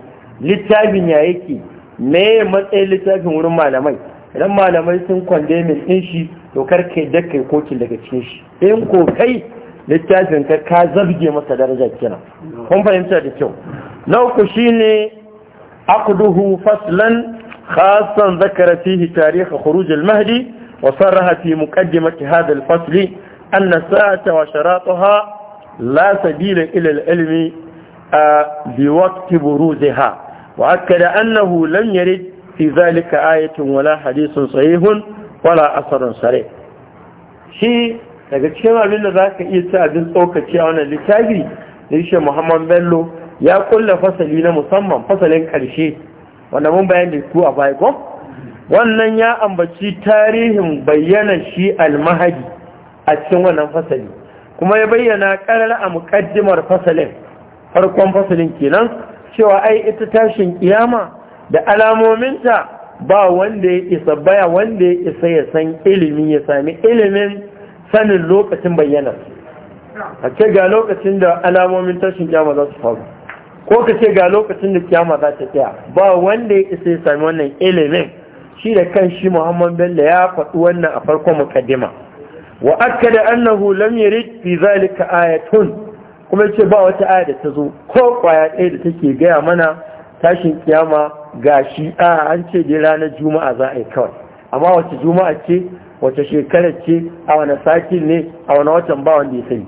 littafin ya yake me matsayin littafin wurin malamai idan malamai sun kwande min ɗin shi to kai da kai kotun daga cikin shi in ko kai littafin ka ka zabge masa daraja kenan kun fahimta da kyau na uku shine aqduhu faslan خاصا ذكر فيه تاريخ خروج المهدي وصرح في مقدمة هذا الفصل أن الساعة وشراطها لا سبيل إلى العلم بوقت بروزها وأكد أنه لم يرد في ذلك آية ولا حديث صحيح ولا أثر صريح شيء daga cikin abin da za ka iya ci abin tsokaci a wannan littafi da yake Muhammad Bello ya kulla fasali na musamman fasalin ƙarshe wanda mun bayani ku a baya ko wannan ya ambaci tarihin bayyana shi Al-Mahadi a cikin wannan fasali kuma ya bayyana karar a muƙaddimar fasalin farkon fasalin kenan cewa ai ita tashin kiyama da alamominta ba wanda ya isa baya wanda ya isa ya san ilimin ya sami ilimin sanin lokacin bayyana a ce ga lokacin da alamomin tashin kiyama za su faru ko ka ce ga lokacin da kiyama za ta tsaya ba wanda ya isa ya sami wannan ilimin shi da kan shi muhammad bello ya faɗi wannan a farkon mukaddima wa akkada annahu lam yurid fi zalika ayatun kuma ce ba wata aya da ta zo ko kwaya ɗaya da take gaya mana tashin kiyama gashi a an ce dai ranar juma'a za a yi kawai amma wace juma'a ce wace shekarar ce a wani sati ne a wani watan ba wanda ya sani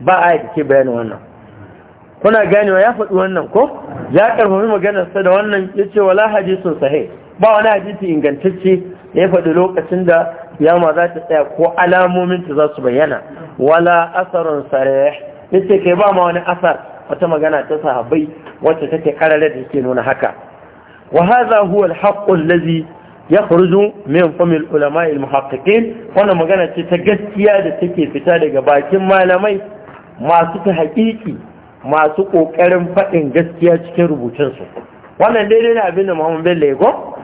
ba aya da ke bayanin wannan kuna ganewa ya faɗi wannan ko ya ƙarfafi maganarsa da wannan ya ce wala hadisun sahi ba wani hadisi ingantacce ya faɗi lokacin da yama za ta tsaya ko alamominta za su bayyana wala asarun sare ya ce kai ba ma wani asar wata magana ta sahabai wacce take karare da yake nuna haka wa haza huwa alhaqqu allazi yakhruju min fami ulama wannan magana ce ta gaskiya da take fita daga bakin malamai masu ta haƙiƙi masu ƙoƙarin faɗin gaskiya cikin rubutunsu wannan daidai na abin da muhammad bello ya go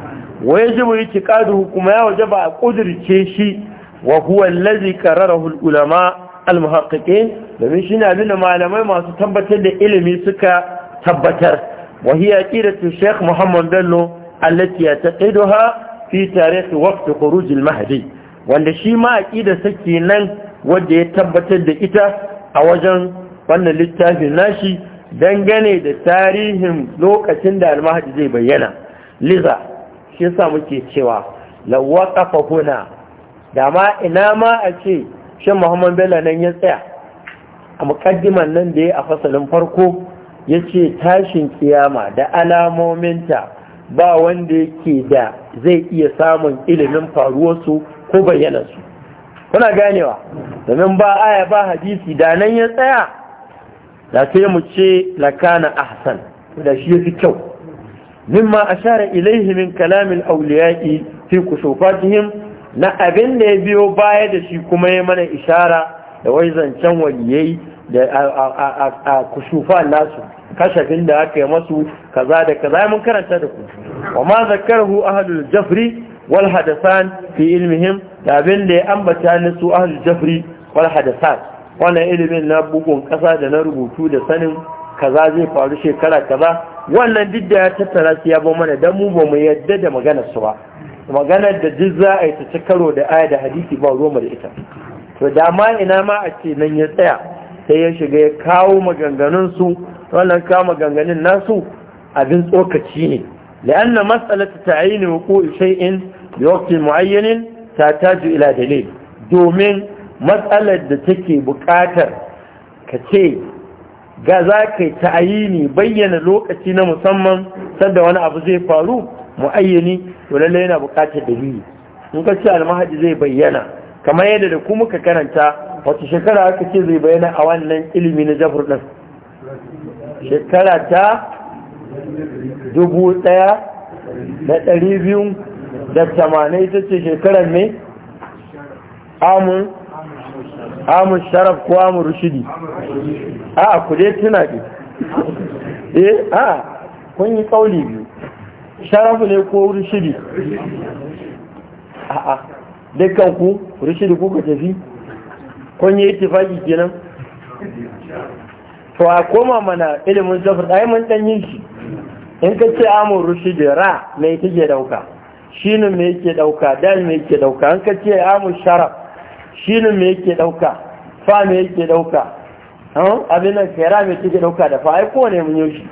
waye ji mu yi tiƙadu kuma ya waje ba a ƙudurce shi wa huwa allazi qararahu ulama al muhaqqiqin domin shi ne abin da malamai masu tabbatar da ilimi suka tabbatar wa hiya tu shaykh muhammad bello allati yataqiduha fi tarihi waqti khuruj mahdi wanda shi ma ƙida saki nan wanda ya tabbatar da ita a wajen wannan littafin nashi dangane da tarihin lokacin da almahadi zai bayyana liza shi yasa muke cewa lawwa kafa huna da ma ina ma a ce shan muhammad bello nan ya tsaya a mukaddiman nan da ya a fasalin farko ya ce tashin kiyama da alamominta ba wanda yake da zai iya samun ilimin faruwarsu ko bayyanarsu kuna ganewa domin ba aya ba hadisi da nan ya tsaya da sai mu ce lakana ahsan da shi yafi kyau mimma ashara ilaihi min kalamil awliya'i fi kusufatihim na abin da ya biyo baya da shi kuma ya mana ishara da wai zancen waliyai da a kusufa nasu kashafin da aka yi masu kaza da kaza mun karanta da ku wa ma zakkarhu ahlul jafri wal hadasan fi ilmihim da abin da ya ambata nasu ahlul jafri wal hadasan wannan ilimin na bugun ƙasa da na rubutu da sanin kaza zai faru shekara kaza wannan duk da ya tattara su ya ba mana dan mu ba mu yadda da maganar su ba maganar da duk za a yi ta ci karo da aya da hadisi ba ruwa da ita to da ma ina ma a ce nan ya tsaya sai ya shiga ya kawo maganganun su wannan kawo maganganun nasu abin tsokaci ne la'anna mas'alatu ta'yin wuqu'i shay'in bi waqtin mu'ayyanin tataju ila dalil domin matsalar da take buƙatar ka ce ga za ka yi ta'ayini bayyana lokaci na musamman sanda wani abu zai faru mu'ayyani to lallai yana buƙatar da yi in ka ce almahadi zai bayyana kamar yadda da kuma ka karanta wata shekara aka ce zai bayyana a wannan ilimi na jafur ɗin shekara ta dubu ɗaya da ɗari biyu da tamanin ita ce shekarar mai amun amu sharaf ko amu rushidi a ku dai tuna ke eh a kun yi kauli biyu sharaf ne ko rushidi a a dukkan ku rushidi ku ka tafi kun yi itifaki kenan to a koma mana ilimin zafi ai mun dan yin shi in ka ce amu rushidi ra me ɗauka? dauka ne mai yake dauka dal me yake dauka an ka ce amu sharaf shinin me yake ɗauka fa me yake ɗauka abin nan kera me yake ɗauka da fa ai kowane mun yau shi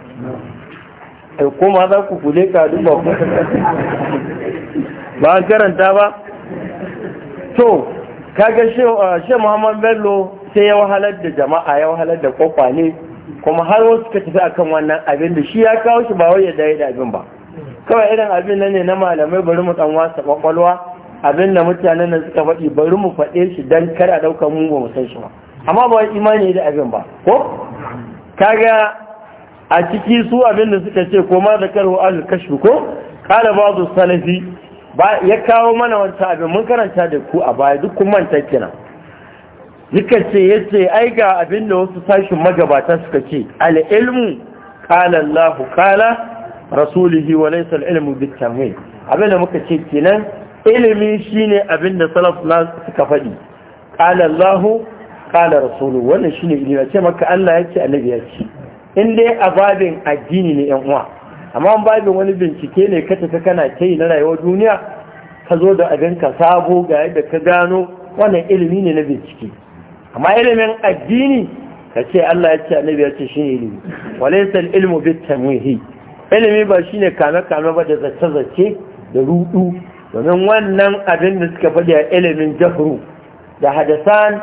ma za ku kule ka duba ku ba an karanta ba to kaga shi uh, muhammad bello sai ya wahalar da jama'a ya wahalar da kwakwale kuma har wasu suka tafi akan wannan abin da shi ya kawo shi ba wai ya da abin ba kawai irin abin nan ne na malamai bari mu dan wasa kwakwalwa abin da mutanen nan suka faɗi bari mu faɗe shi don kar a ɗaukar mu ba mu san shi ba amma ba imani da abin ba ko kaga a ciki su abin da suka ce ko ma da karhu al ko kala su salafi ba ya kawo mana wata abin mun karanta da ku a baya duk kun manta kenan duka ce yace ai ga abin da wasu sashin magabata suka ce al ilmu kala Allahu kala rasulihi wa laysa al ilmu bit abin da muka ce kenan ilimi shine abin da salaf na suka faɗi qala Allah qala rasulu wannan shine ilimi ce maka Allah ya ce annabi ya ce in dai a babin addini ne yan uwa amma babin wani bincike ne ka tafi kana kai na rayuwar duniya ka zo da abin ka sabo ga yadda ka gano wannan ilimi ne na bincike amma ilimin addini ka ce Allah ya ce annabi ya ce shine ilimi walaysa al-ilmu bit-tamwihi ilimi ba shine kame kame ba da zace zace da rudu domin wannan abin da suka faɗi a ilimin jahuru da hadasan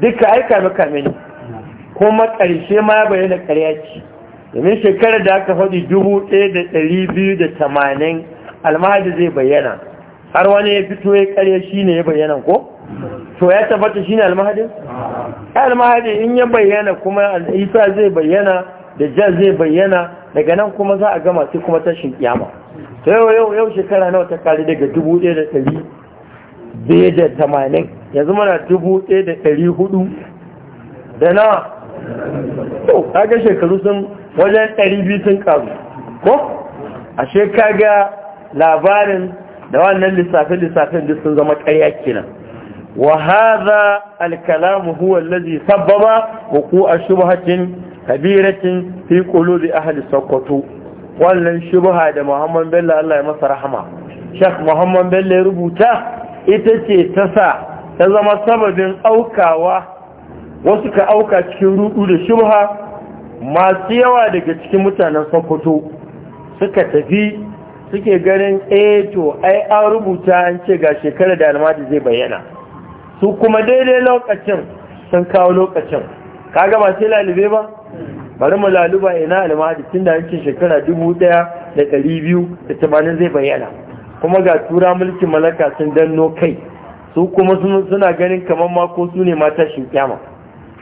duka aika maka mini kuma ƙarshe ma ya bayyana ƙarya ce domin shekarar da aka faɗi dubu ɗaya da ɗari biyu da tamanin almahadi zai bayyana har wani ya fito ya ƙarya shi ne ya bayyana ko to ya tabbata shi ne almahadi almahadi in ya bayyana kuma isa zai bayyana da Jan zai bayyana daga nan kuma za a gama sai kuma tashin kiyama to yau yau yau shekara nawa ta kare daga dubu ɗaya da ɗari da tamanin yanzu mana dubu ɗaya da hudu da na to kaga shekaru sun wajen ɗari sun karu ko a shekaga labarin da wannan lissafin lissafin duk sun zama ƙarya kenan Alkalamu الكلام هو الذي a وقوع cin Kabiracin في قلوب ahli Sokoto, wannan shubha da Muhammad Bello Allah ya masa rahma, Sheikh Muhammad Bello ya rubuta ita ce ta sa ta zama sababin aukawa wasu ka auka cikin rudu da shubha masu yawa daga cikin mutanen Sokoto suka tafi suke ganin eh to ai an rubuta an ce ga shekarar da almadi zai bayyana su kuma daidai lokacin sun kawo lokacin kaga ba sai lalube ba bari mu laluba ina almahadi tun da yankin shekara dubu ɗaya da ɗari biyu da tamanin zai bayyana kuma ga tura mulkin malaka sun danno kai su kuma suna ganin kamar mako su ne mata shi kyama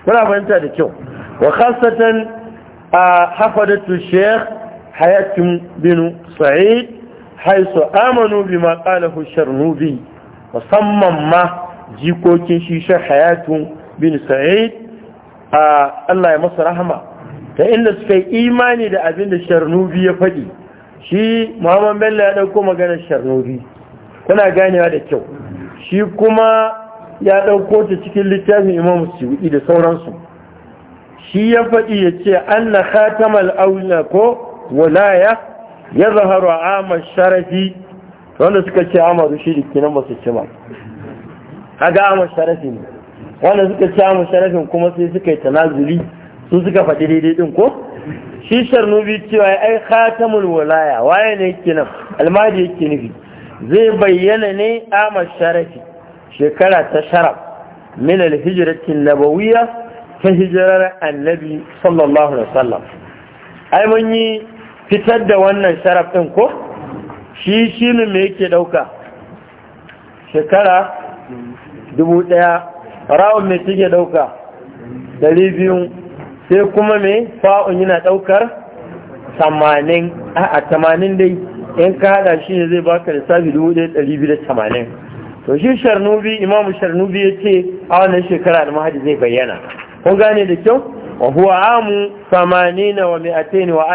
kuna fahimta da kyau wa khasatan a hafadatu sheikh hayatun binu sa'id haisu amanu bima qalahu sharnubi musamman ma jikokin shi shan hayatun bin sa'id a Allah ya masa rahama ta inda suka yi imani da abin da sharnubi ya faɗi shi muhammad bello ya ɗauko maganar sharnubi kuna ganewa da kyau shi kuma ya ɗauko ta cikin littafin imam da sauransu shi ya faɗi ya ce an na khatamal aula ko walaya ya zaharu a sharafi wanda suka ce amaru shi da kinan masu cima kaga amur sharafi ne wanda suka ci amur sharafin kuma sai suka yi tanazuli su suka faɗi daidai din ko shi sharnubi cewa ai khatamul walaya waye ne yake nan almadi yake nufi zai bayyana ne amur sharafi shekara ta sharaf min alhijratin nabawiyya ta hijirar annabi sallallahu alaihi wasallam ai mun yi fitar da wannan sharaf din ko shi shi ne me yake ɗauka shekara dubu ɗaya rawon mai suke ɗauka ɗari biyu sai kuma mai fa'un yana ɗaukar tamanin a tamanin dai in ka haɗa shi ne zai baka lissafi dubu ɗaya ɗari biyu da tamanin to shi sharnubi imamu sharnubi ya ce a wannan shekara da mahadi zai bayyana kun gane da kyau wa huwa amu samanina wa mi'atain wa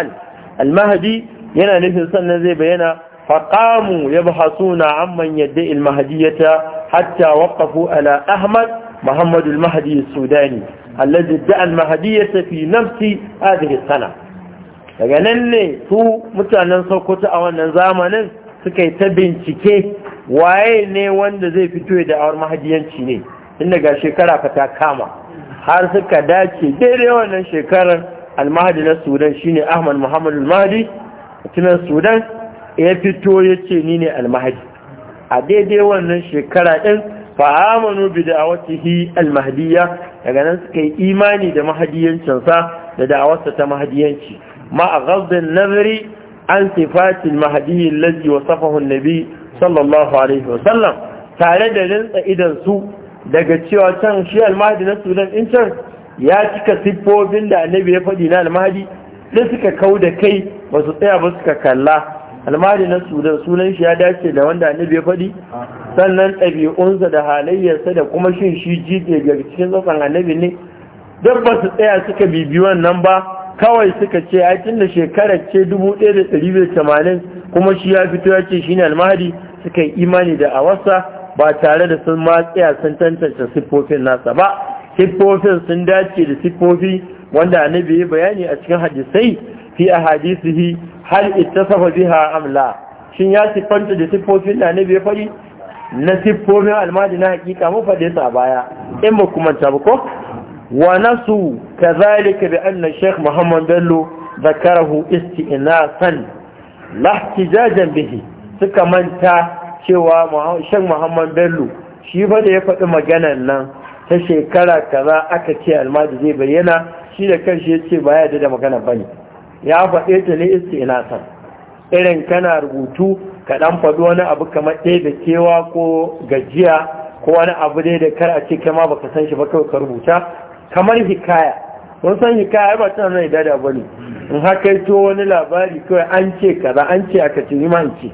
al mahadi yana nufin sannan zai bayyana فقاموا يبحثون عمن يدعي المهدية حتى وقفوا على أحمد محمد sudani السوداني الذي ادعى المهدية في a هذه sana. daga nan ne su mutanen sokoto a wannan zamanin suka yi ta bincike waye ne wanda zai fito da awar mahadiyanci ne inda ga shekara ka ta kama har suka dace daidai wannan shekarar almahadi na sudan shine ahmad muhammad almahadi mutumin sudan ya fito ya ce ni ne almahadi a daidai wannan shekara ɗin fa'amanu bi hi almahadiya daga nan suka yi imani da mahadiyancinsa da da'awarsa ta mahadiyanci ma a gazdin nazari an fatin mahadiyi lazi wa safahun nabi sallallahu alaihi wasallam tare da rinsa idan su daga cewa can shi almahadi na sunan in can ya cika siffofin da annabi ya faɗi na almahadi da suka kau da kai ba su tsaya ba suka kalla almari na sudan sunan shi ya dace da wanda annabi ya faɗi sannan ɗabi'unsa da halayyarsa da kuma shin shi jiɗe ga cikin tsatsan annabi ne duk ba su tsaya suka bibi wannan ba kawai suka ce a tun da shekarar ce 1180 kuma shi ya fito ya ce shi ne almahadi suka yi imani da awasa ba tare da sun ma tsaya sun tantance siffofin nasa ba siffofin sun dace da siffofi wanda annabi ya bayani a cikin hadisai fi har ita ittasafa biha am Amla, shin ya siffanta da siffofin da ne ya fari na siffofin almadi na hakika mu fade sa a baya in ba kuma ta ko wa nasu kazalika bi anna sheikh muhammad bello zakarahu isti'nasan la ihtijajan bihi suka manta cewa sheikh muhammad bello shi fa da ya faɗi maganan nan ta shekara kaza aka ce almadi zai bayyana shi da kanshi ya ce ba da magana bane ya faɗe ta ne istinatan irin kana rubutu ka ɗan faɗi wani abu kamar ɗaya da kewa ko gajiya ko wani abu dai da kar a ce kai baka san shi ba kawai ka rubuta kamar hikaya kun san hikaya ba tana nan da ba ne in haka to wani labari kawai an ce kaza an ce aka ce ma ce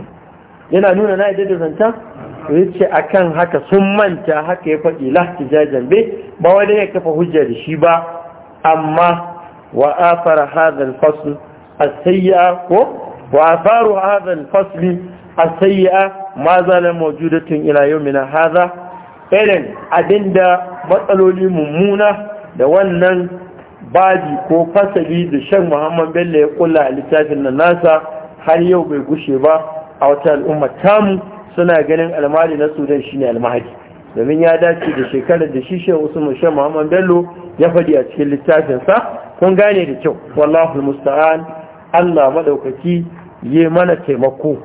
yana nuna na yadda da zanta ya ce akan haka sun manta haka ya faɗi lahti jajen bai ba wani ya kafa hujja da shi ba amma وآثر هذا الفصل السيئة وآثار هذا الفصل السيئة ما زال موجودة إلى يومنا هذا irin أدندا matsaloli mummuna da wannan baji ko fasali da shan muhammad bello ya kula a littafin na nasa har yau bai gushe ba a wata al'umma tamu suna ganin almari na sudan shine almahadi domin ya dace da shekarar da shi shehu usman shehu muhammad bello ya faɗi a cikin littafinsa kun gane da kyau wallahu musta'an allah maɗaukaki yi mana taimako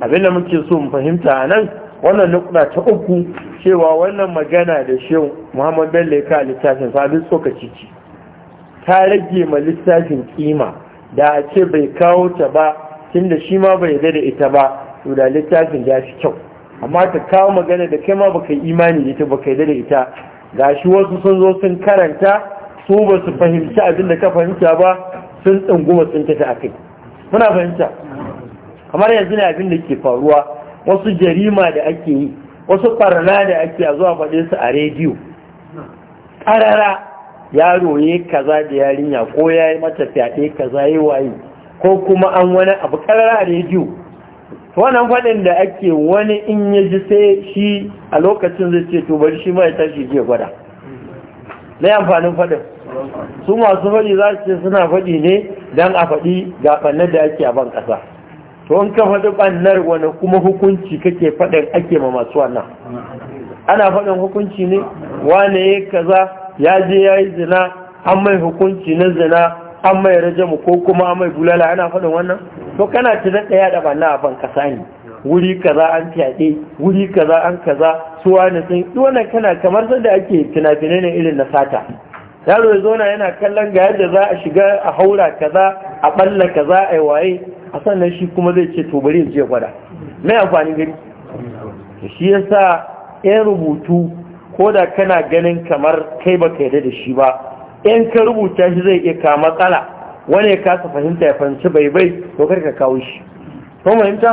abinda muke so mu fahimta a nan wannan nukuna ta uku cewa wannan magana da shehu muhammad bello ya ka littafinsa abin tsokaci ce ta rage ma littafin kima da a ce bai kawo ta ba tunda shi ma bai yarda da ita ba to da littafin ya fi kyau amma ta kawo magana da kai ma baka imani da ita baka yi da ita shi wasu sun zo sun karanta su ba su fahimci abin da ka fahimta ba sun tsunguma sun tafi a kai muna fahimta kamar yanzu ne abin da ke faruwa wasu jarima da ake yi wasu farna da ake a zuwa faɗe su a rediyo ƙarara yaro ya kaza da yarinya ko ya yi mata fyaɗe kaza ya yi waye ko kuma an wani abu ƙarara a rediyo wannan faɗin da ake wani in ya ji sai shi a lokacin zai ce to bari shi ma ya tashi jiya gwada na yi amfanin faɗin su masu faɗi za su ce suna faɗi ne don a faɗi ga ɓannar da ake a ban ƙasa to in ka faɗi ɓannar wani kuma hukunci kake faɗin ake ma masu wannan ana faɗin hukunci ne wane ya kaza ya je ya yi zina an mai hukunci na zina an mai rajamu ko kuma mai bulala yana faɗin wannan to kana ci da ɗaya da banna a banka sani wuri kaza an fyaɗe wuri kaza an kaza su wani sun wannan kana kamar sanda ake fina ne irin na sata yaro ya zauna yana kallon ga yadda za a shiga a haura kaza a balla kaza a waye a sannan shi kuma zai ce to bari je gwada mai amfani gari shi yasa yan rubutu ko da kana ganin kamar kai baka yarda da shi ba in ka rubuta shi zai iya ka matsala wani ya kasa fahimta ya fahimci bai bai ko kar ka kawo shi ko fahimta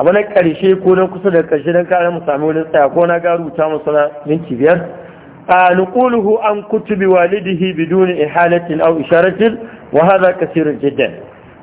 abu na karshe ko na kusa da karshe don kare mu sami wani tsaya ko na ga rubuta musu na minti biyar a nukuluhu an kutubi walidihi in ihalatin au isharatin wa hadha kasirin jiddan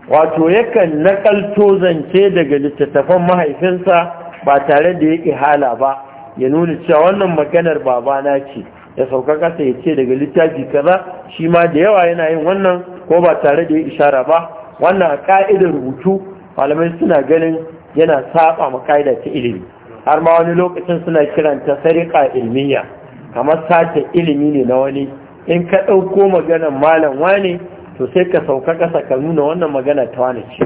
wato yakan nakalto zance daga littattafan mahaifinsa ba tare da ya ihala ba ya nuna cewa wannan maganar babana ce ya sauka kasa ya ce daga littafi kaza shi ma da yawa yana yin wannan ko ba tare da ya ishara ba wannan a ka'idar rubutu malamai suna ganin yana saba ma ka'ida ta ilimi har ma wani lokacin suna kiranta sarika ilmiya kamar sace ilimi ne na wani in ka ɗauko maganar malam wane to sai ka sauka kasa ka nuna wannan magana ta wani ce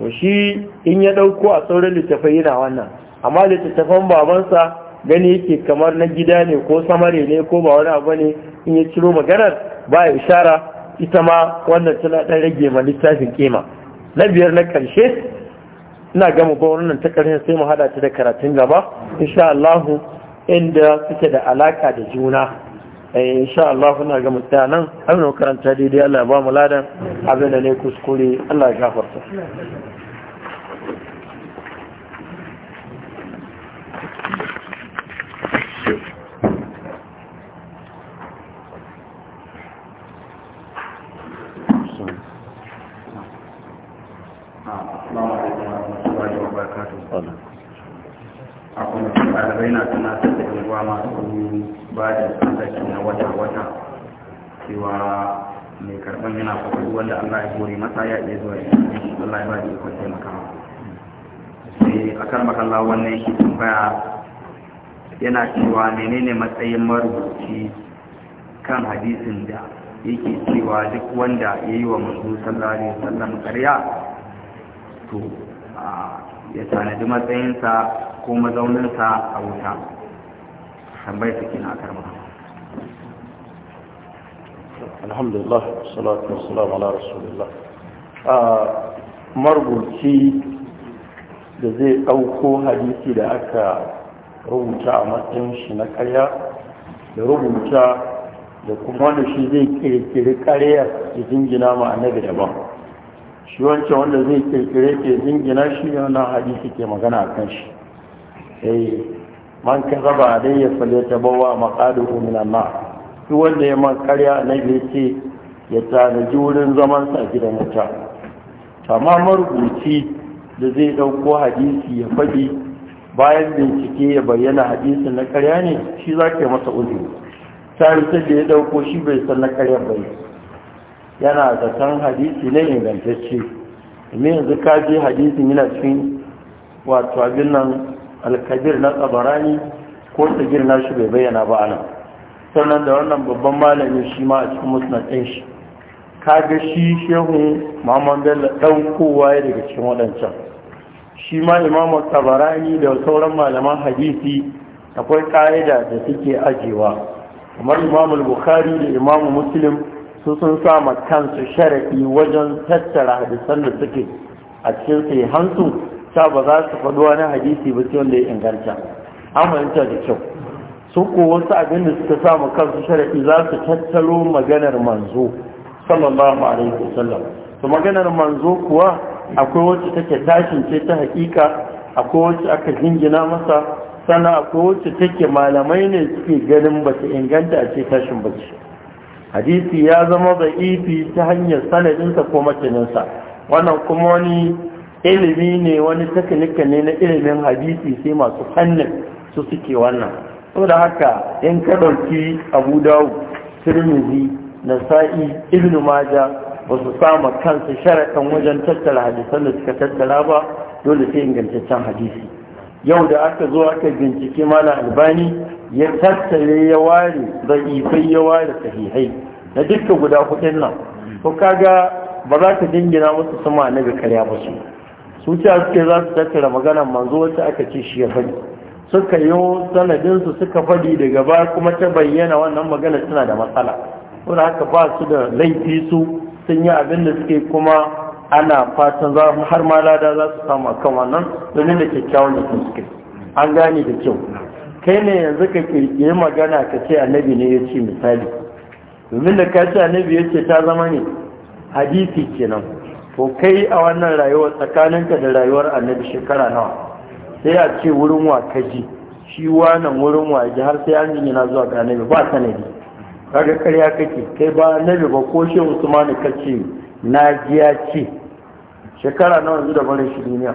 to shi in ya ɗauko a sauran littafai yana wannan amma littattafan babansa gani yake kamar na gida ne ko samare ne ko ba wani abu ne in ya ciro maganar ba ya ishara ita ma wannan tana ɗan rage ma littafin kima na biyar na ƙarshe ina gama wannan ta ƙarshen sai mu hada ta da karatun gaba insha Allahu inda suke da alaka da juna eh, insha Allah ina ga mutanen abin da karanta daidai Allah ba mu ladan abin da ne kuskure Allah ya gafarta ɗalibai na tunatar da ruwa masu ba da tsallaci na wata-wata cewa mai karɓar yana kwakwai wanda allah ya gori masa ya iya zuwa yi allah ya ba da ikon taimakawa sai a kan makalla wannan shi tambaya yana cewa menene matsayin marubuci kan hadisin da yake cewa duk wanda ya yi wa manzo sallari alaihi wasallam ƙarya to ya tanadi matsayinsa ko mazauninsa a wuta tambayar su kina akar maka alhamdulillah salatu wassalamu ala a marubuci da zai ɗauko hadisi da aka rubuta a matsayin shi na karya da rubuta da kuma wanda shi zai kirkiri karyar da jingina ma annabi daban shi wancan wanda zai kirkire ke zingina shi ne wannan hadisi ke magana a kan shi eh man ka zaba a dai ya falle ta bawa makadu umina na. duk wanda ya man karya annabi ce ya tanaji wurin zaman sa gidan wuta amma marubuci da zai ɗauko hadisi ya faɗi bayan bincike ya bayyana hadisin na karya ne shi za yi masa uzuri tarihin da ya ɗauko shi bai san na karya bai yana zaton hadisi ne ingantacce domin yanzu ka je hadisin yana cikin wato abin nan alkabir na tsabarani ko tsagir na shi bai bayyana ba ana sannan da wannan babban malami shi ma a cikin musnad ɗin shi ka ga shi shehu muhammad bello ɗaukowa ya daga cikin waɗancan shi ma imamu tsabarani da sauran malaman hadisi akwai ka'ida da suke ajewa kamar imamul bukhari da imamu muslim su sun sama kansu sharafi wajen tattara hadisan da suke a cikin sai hansu ta ba za su faɗi wani hadisi ba sai wanda ya inganta an fahimta da kyau su ko wasu abin da suka ma kansu sharafi za su tattaro maganar manzo sallallahu alaihi wasallam to maganar manzo kuwa akwai wacce take tashin ce ta haƙiƙa? akwai wacce aka jingina masa sannan akwai wacce take malamai ne suke ganin ba ta inganta a ce tashin ba ce hadisi ya zama ifi ta hanyar sanadinsa ko makininsa wannan kuma wani ilimi ne wani teknika ne na ilimin hadisi sai masu hannun su suke wannan So da haka in ka ɗauki abu dawo na Sa'i, ibn maja ba su sama kansu sharaɗin wajen tattara hadisan da suka tattara ba dole sai ingantaccen hadisi yau da aka zo aka bincike mana albani ya tattare ya ware da ya ware sahihai na duka guda hudun nan ko kaga ba za ka dingina musu sama na ga karya ba su su ce suke za su tattara maganar manzo wacce aka ce shi ya faɗi suka yi sanadinsu suka faɗi daga ba kuma ta bayyana wannan magana suna da matsala wanda haka ba su da laifi su sun yi abin da suke kuma ana fatan za har ma lada za su samu akan wannan domin da kyakkyawan da suke an gane da kyau kai ne yanzu ka kirkiri magana ka ce annabi ne ya ce misali domin da ka ce annabi ya ce ta zama ne hadisi kenan Ko kai a wannan rayuwar tsakaninka da rayuwar annabi shekara nawa sai a ce wurin wa kaji shi wannan wurin wa ji har sai an na zuwa ga annabi ba sanadi kaga karya kake kai ba annabi ba ko shi ka ce na jiya ce shekara nawa yanzu da barin shi duniya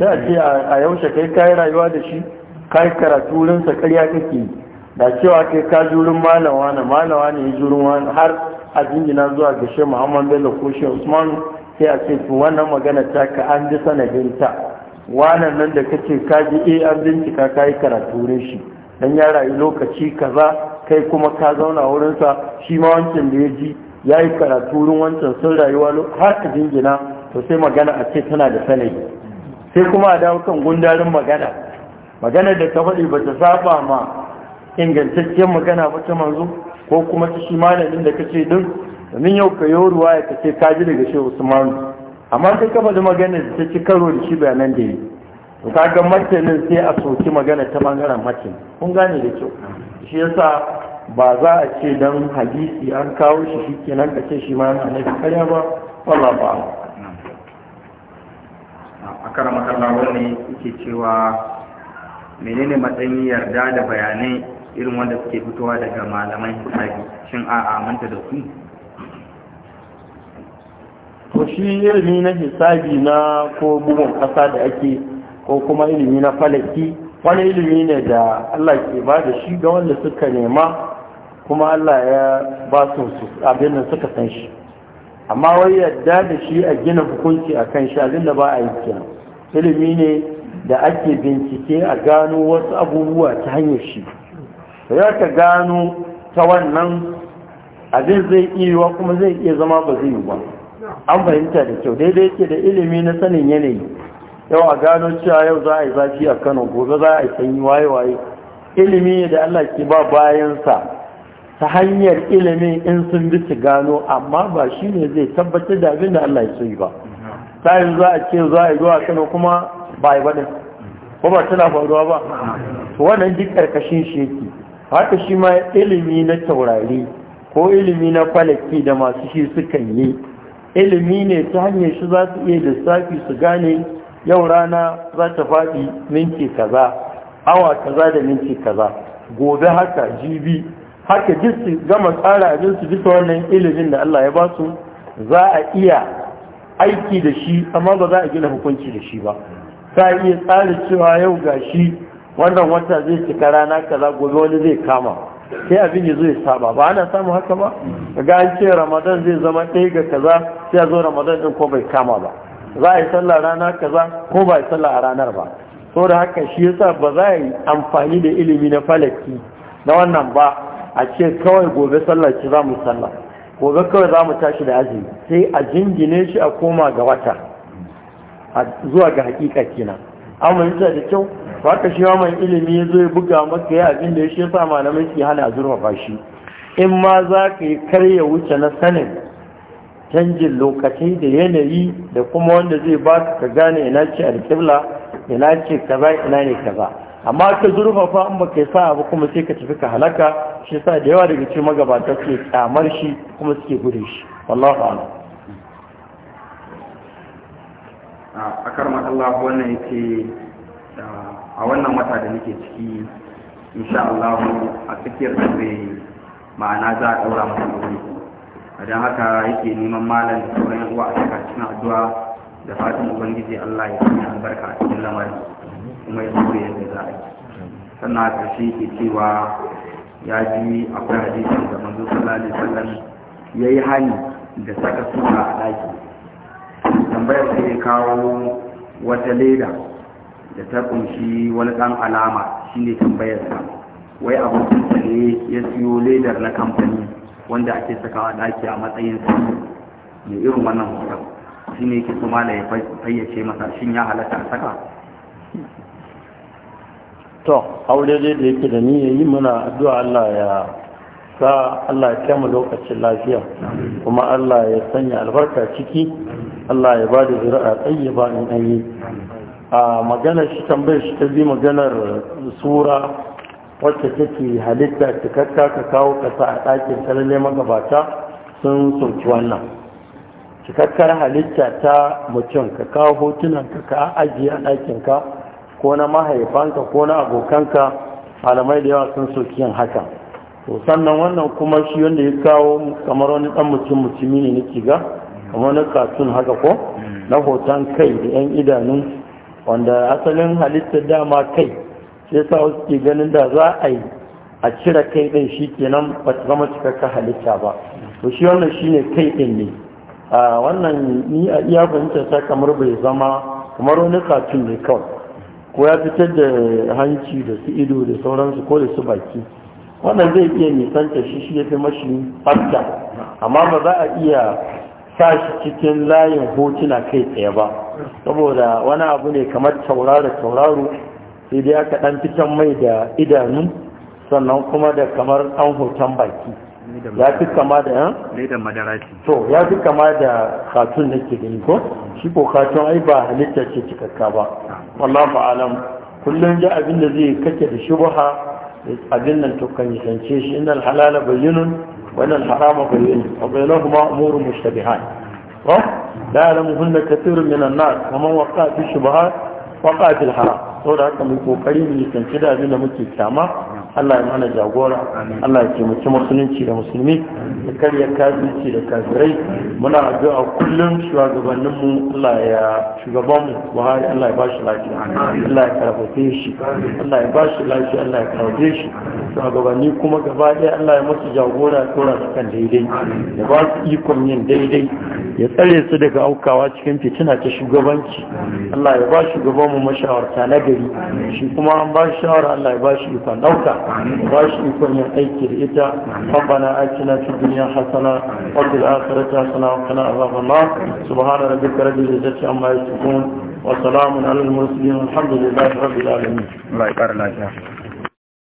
sai a ce a yaushe kai kayi rayuwa da shi kai yi karatu wurinsa ƙarya kake da cewa kai ka jurin malawa na malawa ne ya jurin wani har a jingina zuwa ga shi muhammad bello ko shi usman sai a ce to wannan magana ta ka an sanadin ta. wannan nan da kace ka ji eh an bincika ka yi karatu wurin shi dan ya rayu lokaci kaza kai kuma ka zauna wurinsa shi ma wancan da ya ji ya yi karatu wurin wancan sun rayuwa har a jingina to sai magana a ce tana da sanadi sai kuma a dawo kan gundarin magana maganar da ta faɗi ba ta saba ma ingantaccen magana ba ta manzo ko kuma ta shi malamin da kace din domin yau ka yi ruwa ya kace ka ji daga shehu usmanu amma sai ka faɗi maganar da ta ci karo da shi bayanan da yi to ga martanin sai a soki magana ta bangaren martin kun gane da kyau shi yasa ba za a ce dan hadisi an kawo shi shikenan kace shi ma na da karya ba wallahi ba a karamar wani yake cewa menene matsayin yarda da bayanai irin wanda suke fitowa daga malamai hisabi shin a manta da su to shi ilimi na hisabi na ko bugun kasa da ake ko kuma ilimi na falaki wani ilimi ne da Allah ke ba da shi ga wanda suka nema kuma Allah ya ba su abin da suka san shi amma wai yadda da shi a gina hukunci a kan shi abin da ba a yi kenan ilimi ne da ake bincike a gano wasu abubuwa ta hanyar shi ya ka gano ta wannan abin zai iya kuma zai iya zama ba zai yi ba an fahimta da kyau daidai yake da ilimi na sanin yanayi yau a gano cewa yau za a yi zafi a kano gobe za a yi sanyi waye-waye ilimi da allah ke ba bayansa ta hanyar ilimin in sun bi su gano amma ba shi ne zai tabbatar da abin da allah ya so yi ba ta yanzu za a ce za a yi zuwa kano kuma ba yi baɗin ko ba tana faruwa ba to wannan duk ƙarƙashin shi haka shi ma ilimi na taurari ko ilimi na falaki da masu shi sukan yi ilimi ne ta hanyar shi za su iya lissafi su gane yau rana za ta faɗi minti kaza awa kaza da minti kaza gobe haka jibi haka duk su gama tsara abin su bisa wannan ilimin da Allah ya ba su za a iya aiki da shi amma ba za a gina hukunci da shi ba ka iya tsari cewa yau gashi wannan wata zai cika rana kaza gobe wani zai kama sai abin ya zo ya saba ba ana samun haka ba ga an ce ramadan zai zama ɗaya ga kaza sai ya zo ramadan ɗin ko bai kama ba za a yi sallah rana kaza ko ba a yi sallah a ranar ba So da haka shi yasa ba za a yi amfani da ilimi na falaki na wannan ba a ce kawai gobe sallah ce za mu sallah gobe kawai za mu tashi da azumi sai a jingine shi a koma ga wata zuwa ga hakika kenan amurin da kyau ba ka shi mai ilimi ya zo ya buga maka ya abin da ya shi sa malamai ke hana zurfafa shi in ma za ka yi karya wuce na sanin canjin lokacin da yanayi da kuma wanda zai ba ka gane ina ce alkibla ina ce kaza ina ne kaza amma ka zurfafa in yi sa abu kuma sai ka tafi ka halaka shi sa da yawa daga cikin magabata suke kyamar shi kuma suke gudun shi wallahu a karmar Allah wannan yake a wannan wata da nake ciki insha Allah a tsakiyar tsare ma'ana za a ɗaura masa wuri a don haka yake neman malam da sauran uwa a cikin cikin addu'a da fatan ubangiji Allah ya sanya albarka a cikin lamarin kuma ya zure yadda za a yi sannan a ƙarshe yake cewa ya ji akwai hadisin da manzo sallallahu alaihi wasallam yayi hani da saka suna a ɗaki tambayar da ya kawo wata leda da ta kunshi wani ɗan alama shine tambayar sa wai abokinsa ne ya siyo ledar na kamfani wanda ake saka a ɗaki a matsayin sa mai irin wannan hoton shine ke kuma da ya fayyace masa shin ya halatta a saka to aure dai da yake da ni ya yi mana addu'a Allah ya sa Allah ya mu lokacin lafiya kuma Allah ya sanya albarka ciki Allah ya ba da zira'a tsaye ba in an yi a maganar shi tambayar shi ta bi maganar sura wacce take halitta cikakka ka kawo kasa a ɗakin talalle magabata sun soki wannan cikakkar halitta ta mutum ka kawo hotunan ka ka ajiye a ɗakinka ko na mahaifanka ko na abokanka malamai da yawa sun soki yin haka to sannan wannan kuma shi wanda ya kawo kamar wani ɗan mutum mutumi ne nake ga kamar na katun haka ko hmm. na hoton kai da 'yan idanun wanda asalin halittar dama kai sai sa wasu ke ganin da za a yi a cire kai ɗin shi kenan ba ta zama cikakka halitta ba to shi wannan shi ne kai ɗin ne a wannan ni a iya fahimtar ta kamar bai zama kamar wani katun ne kawai ko ya fitar da hanci da su ido da sauransu ko da su baki wannan zai iya nisanta shi shi ya fi mashi fasta amma ba za a iya sa shi cikin layin hotuna kai tsaye ba saboda wani abu ne kamar tauraro tauraro sai dai aka dan fitan mai da idanu sannan kuma da kamar an hoton baki ya fi kama da yan? Eh? ledan to ya fi kama da katun ke gani ko shi ko katun ai ba halitta ce cikakka ba wallahu alam kullum ji abin da zai kake da shubha abin nan to kan yi shi inda halala bayyinun وأن الحرام بين وبينهما أمور مشتبهات لا يعلمهن كثير من الناس ومن وقع في الشبهات وقع في الحرام saboda haka mu kokari mu yi da abin da Allah ya mana jagora Allah ya taimaki musulunci da musulmi da karya kafirci da kafirai muna addu'a kullum shugabanninmu. mu Allah ya shugaban mu Buhari Allah ya ba shi lafiya Allah ya karfafe shi Allah ya ba shi lafiya Allah ya karfafe shi shugabanni kuma gaba ɗaya Allah ya musu jagora tora su kan daidai ya ba su ikon yin daidai ya tsare su daga aukawa cikin fitina ta shugabanci Allah ya ba shugabanmu mu mashawarta na gari shi kuma an ba shawara Allah ya ba shi ikon ɗauka ba shi ikon yin aiki da ita fabbana aiki na fi duniya hasana wakil akhirat hasana wa kana azabullah subhana rabbika rabbil izzati amma yasifun wa salamun alal mursalin alhamdulillahi rabbil alamin lafiya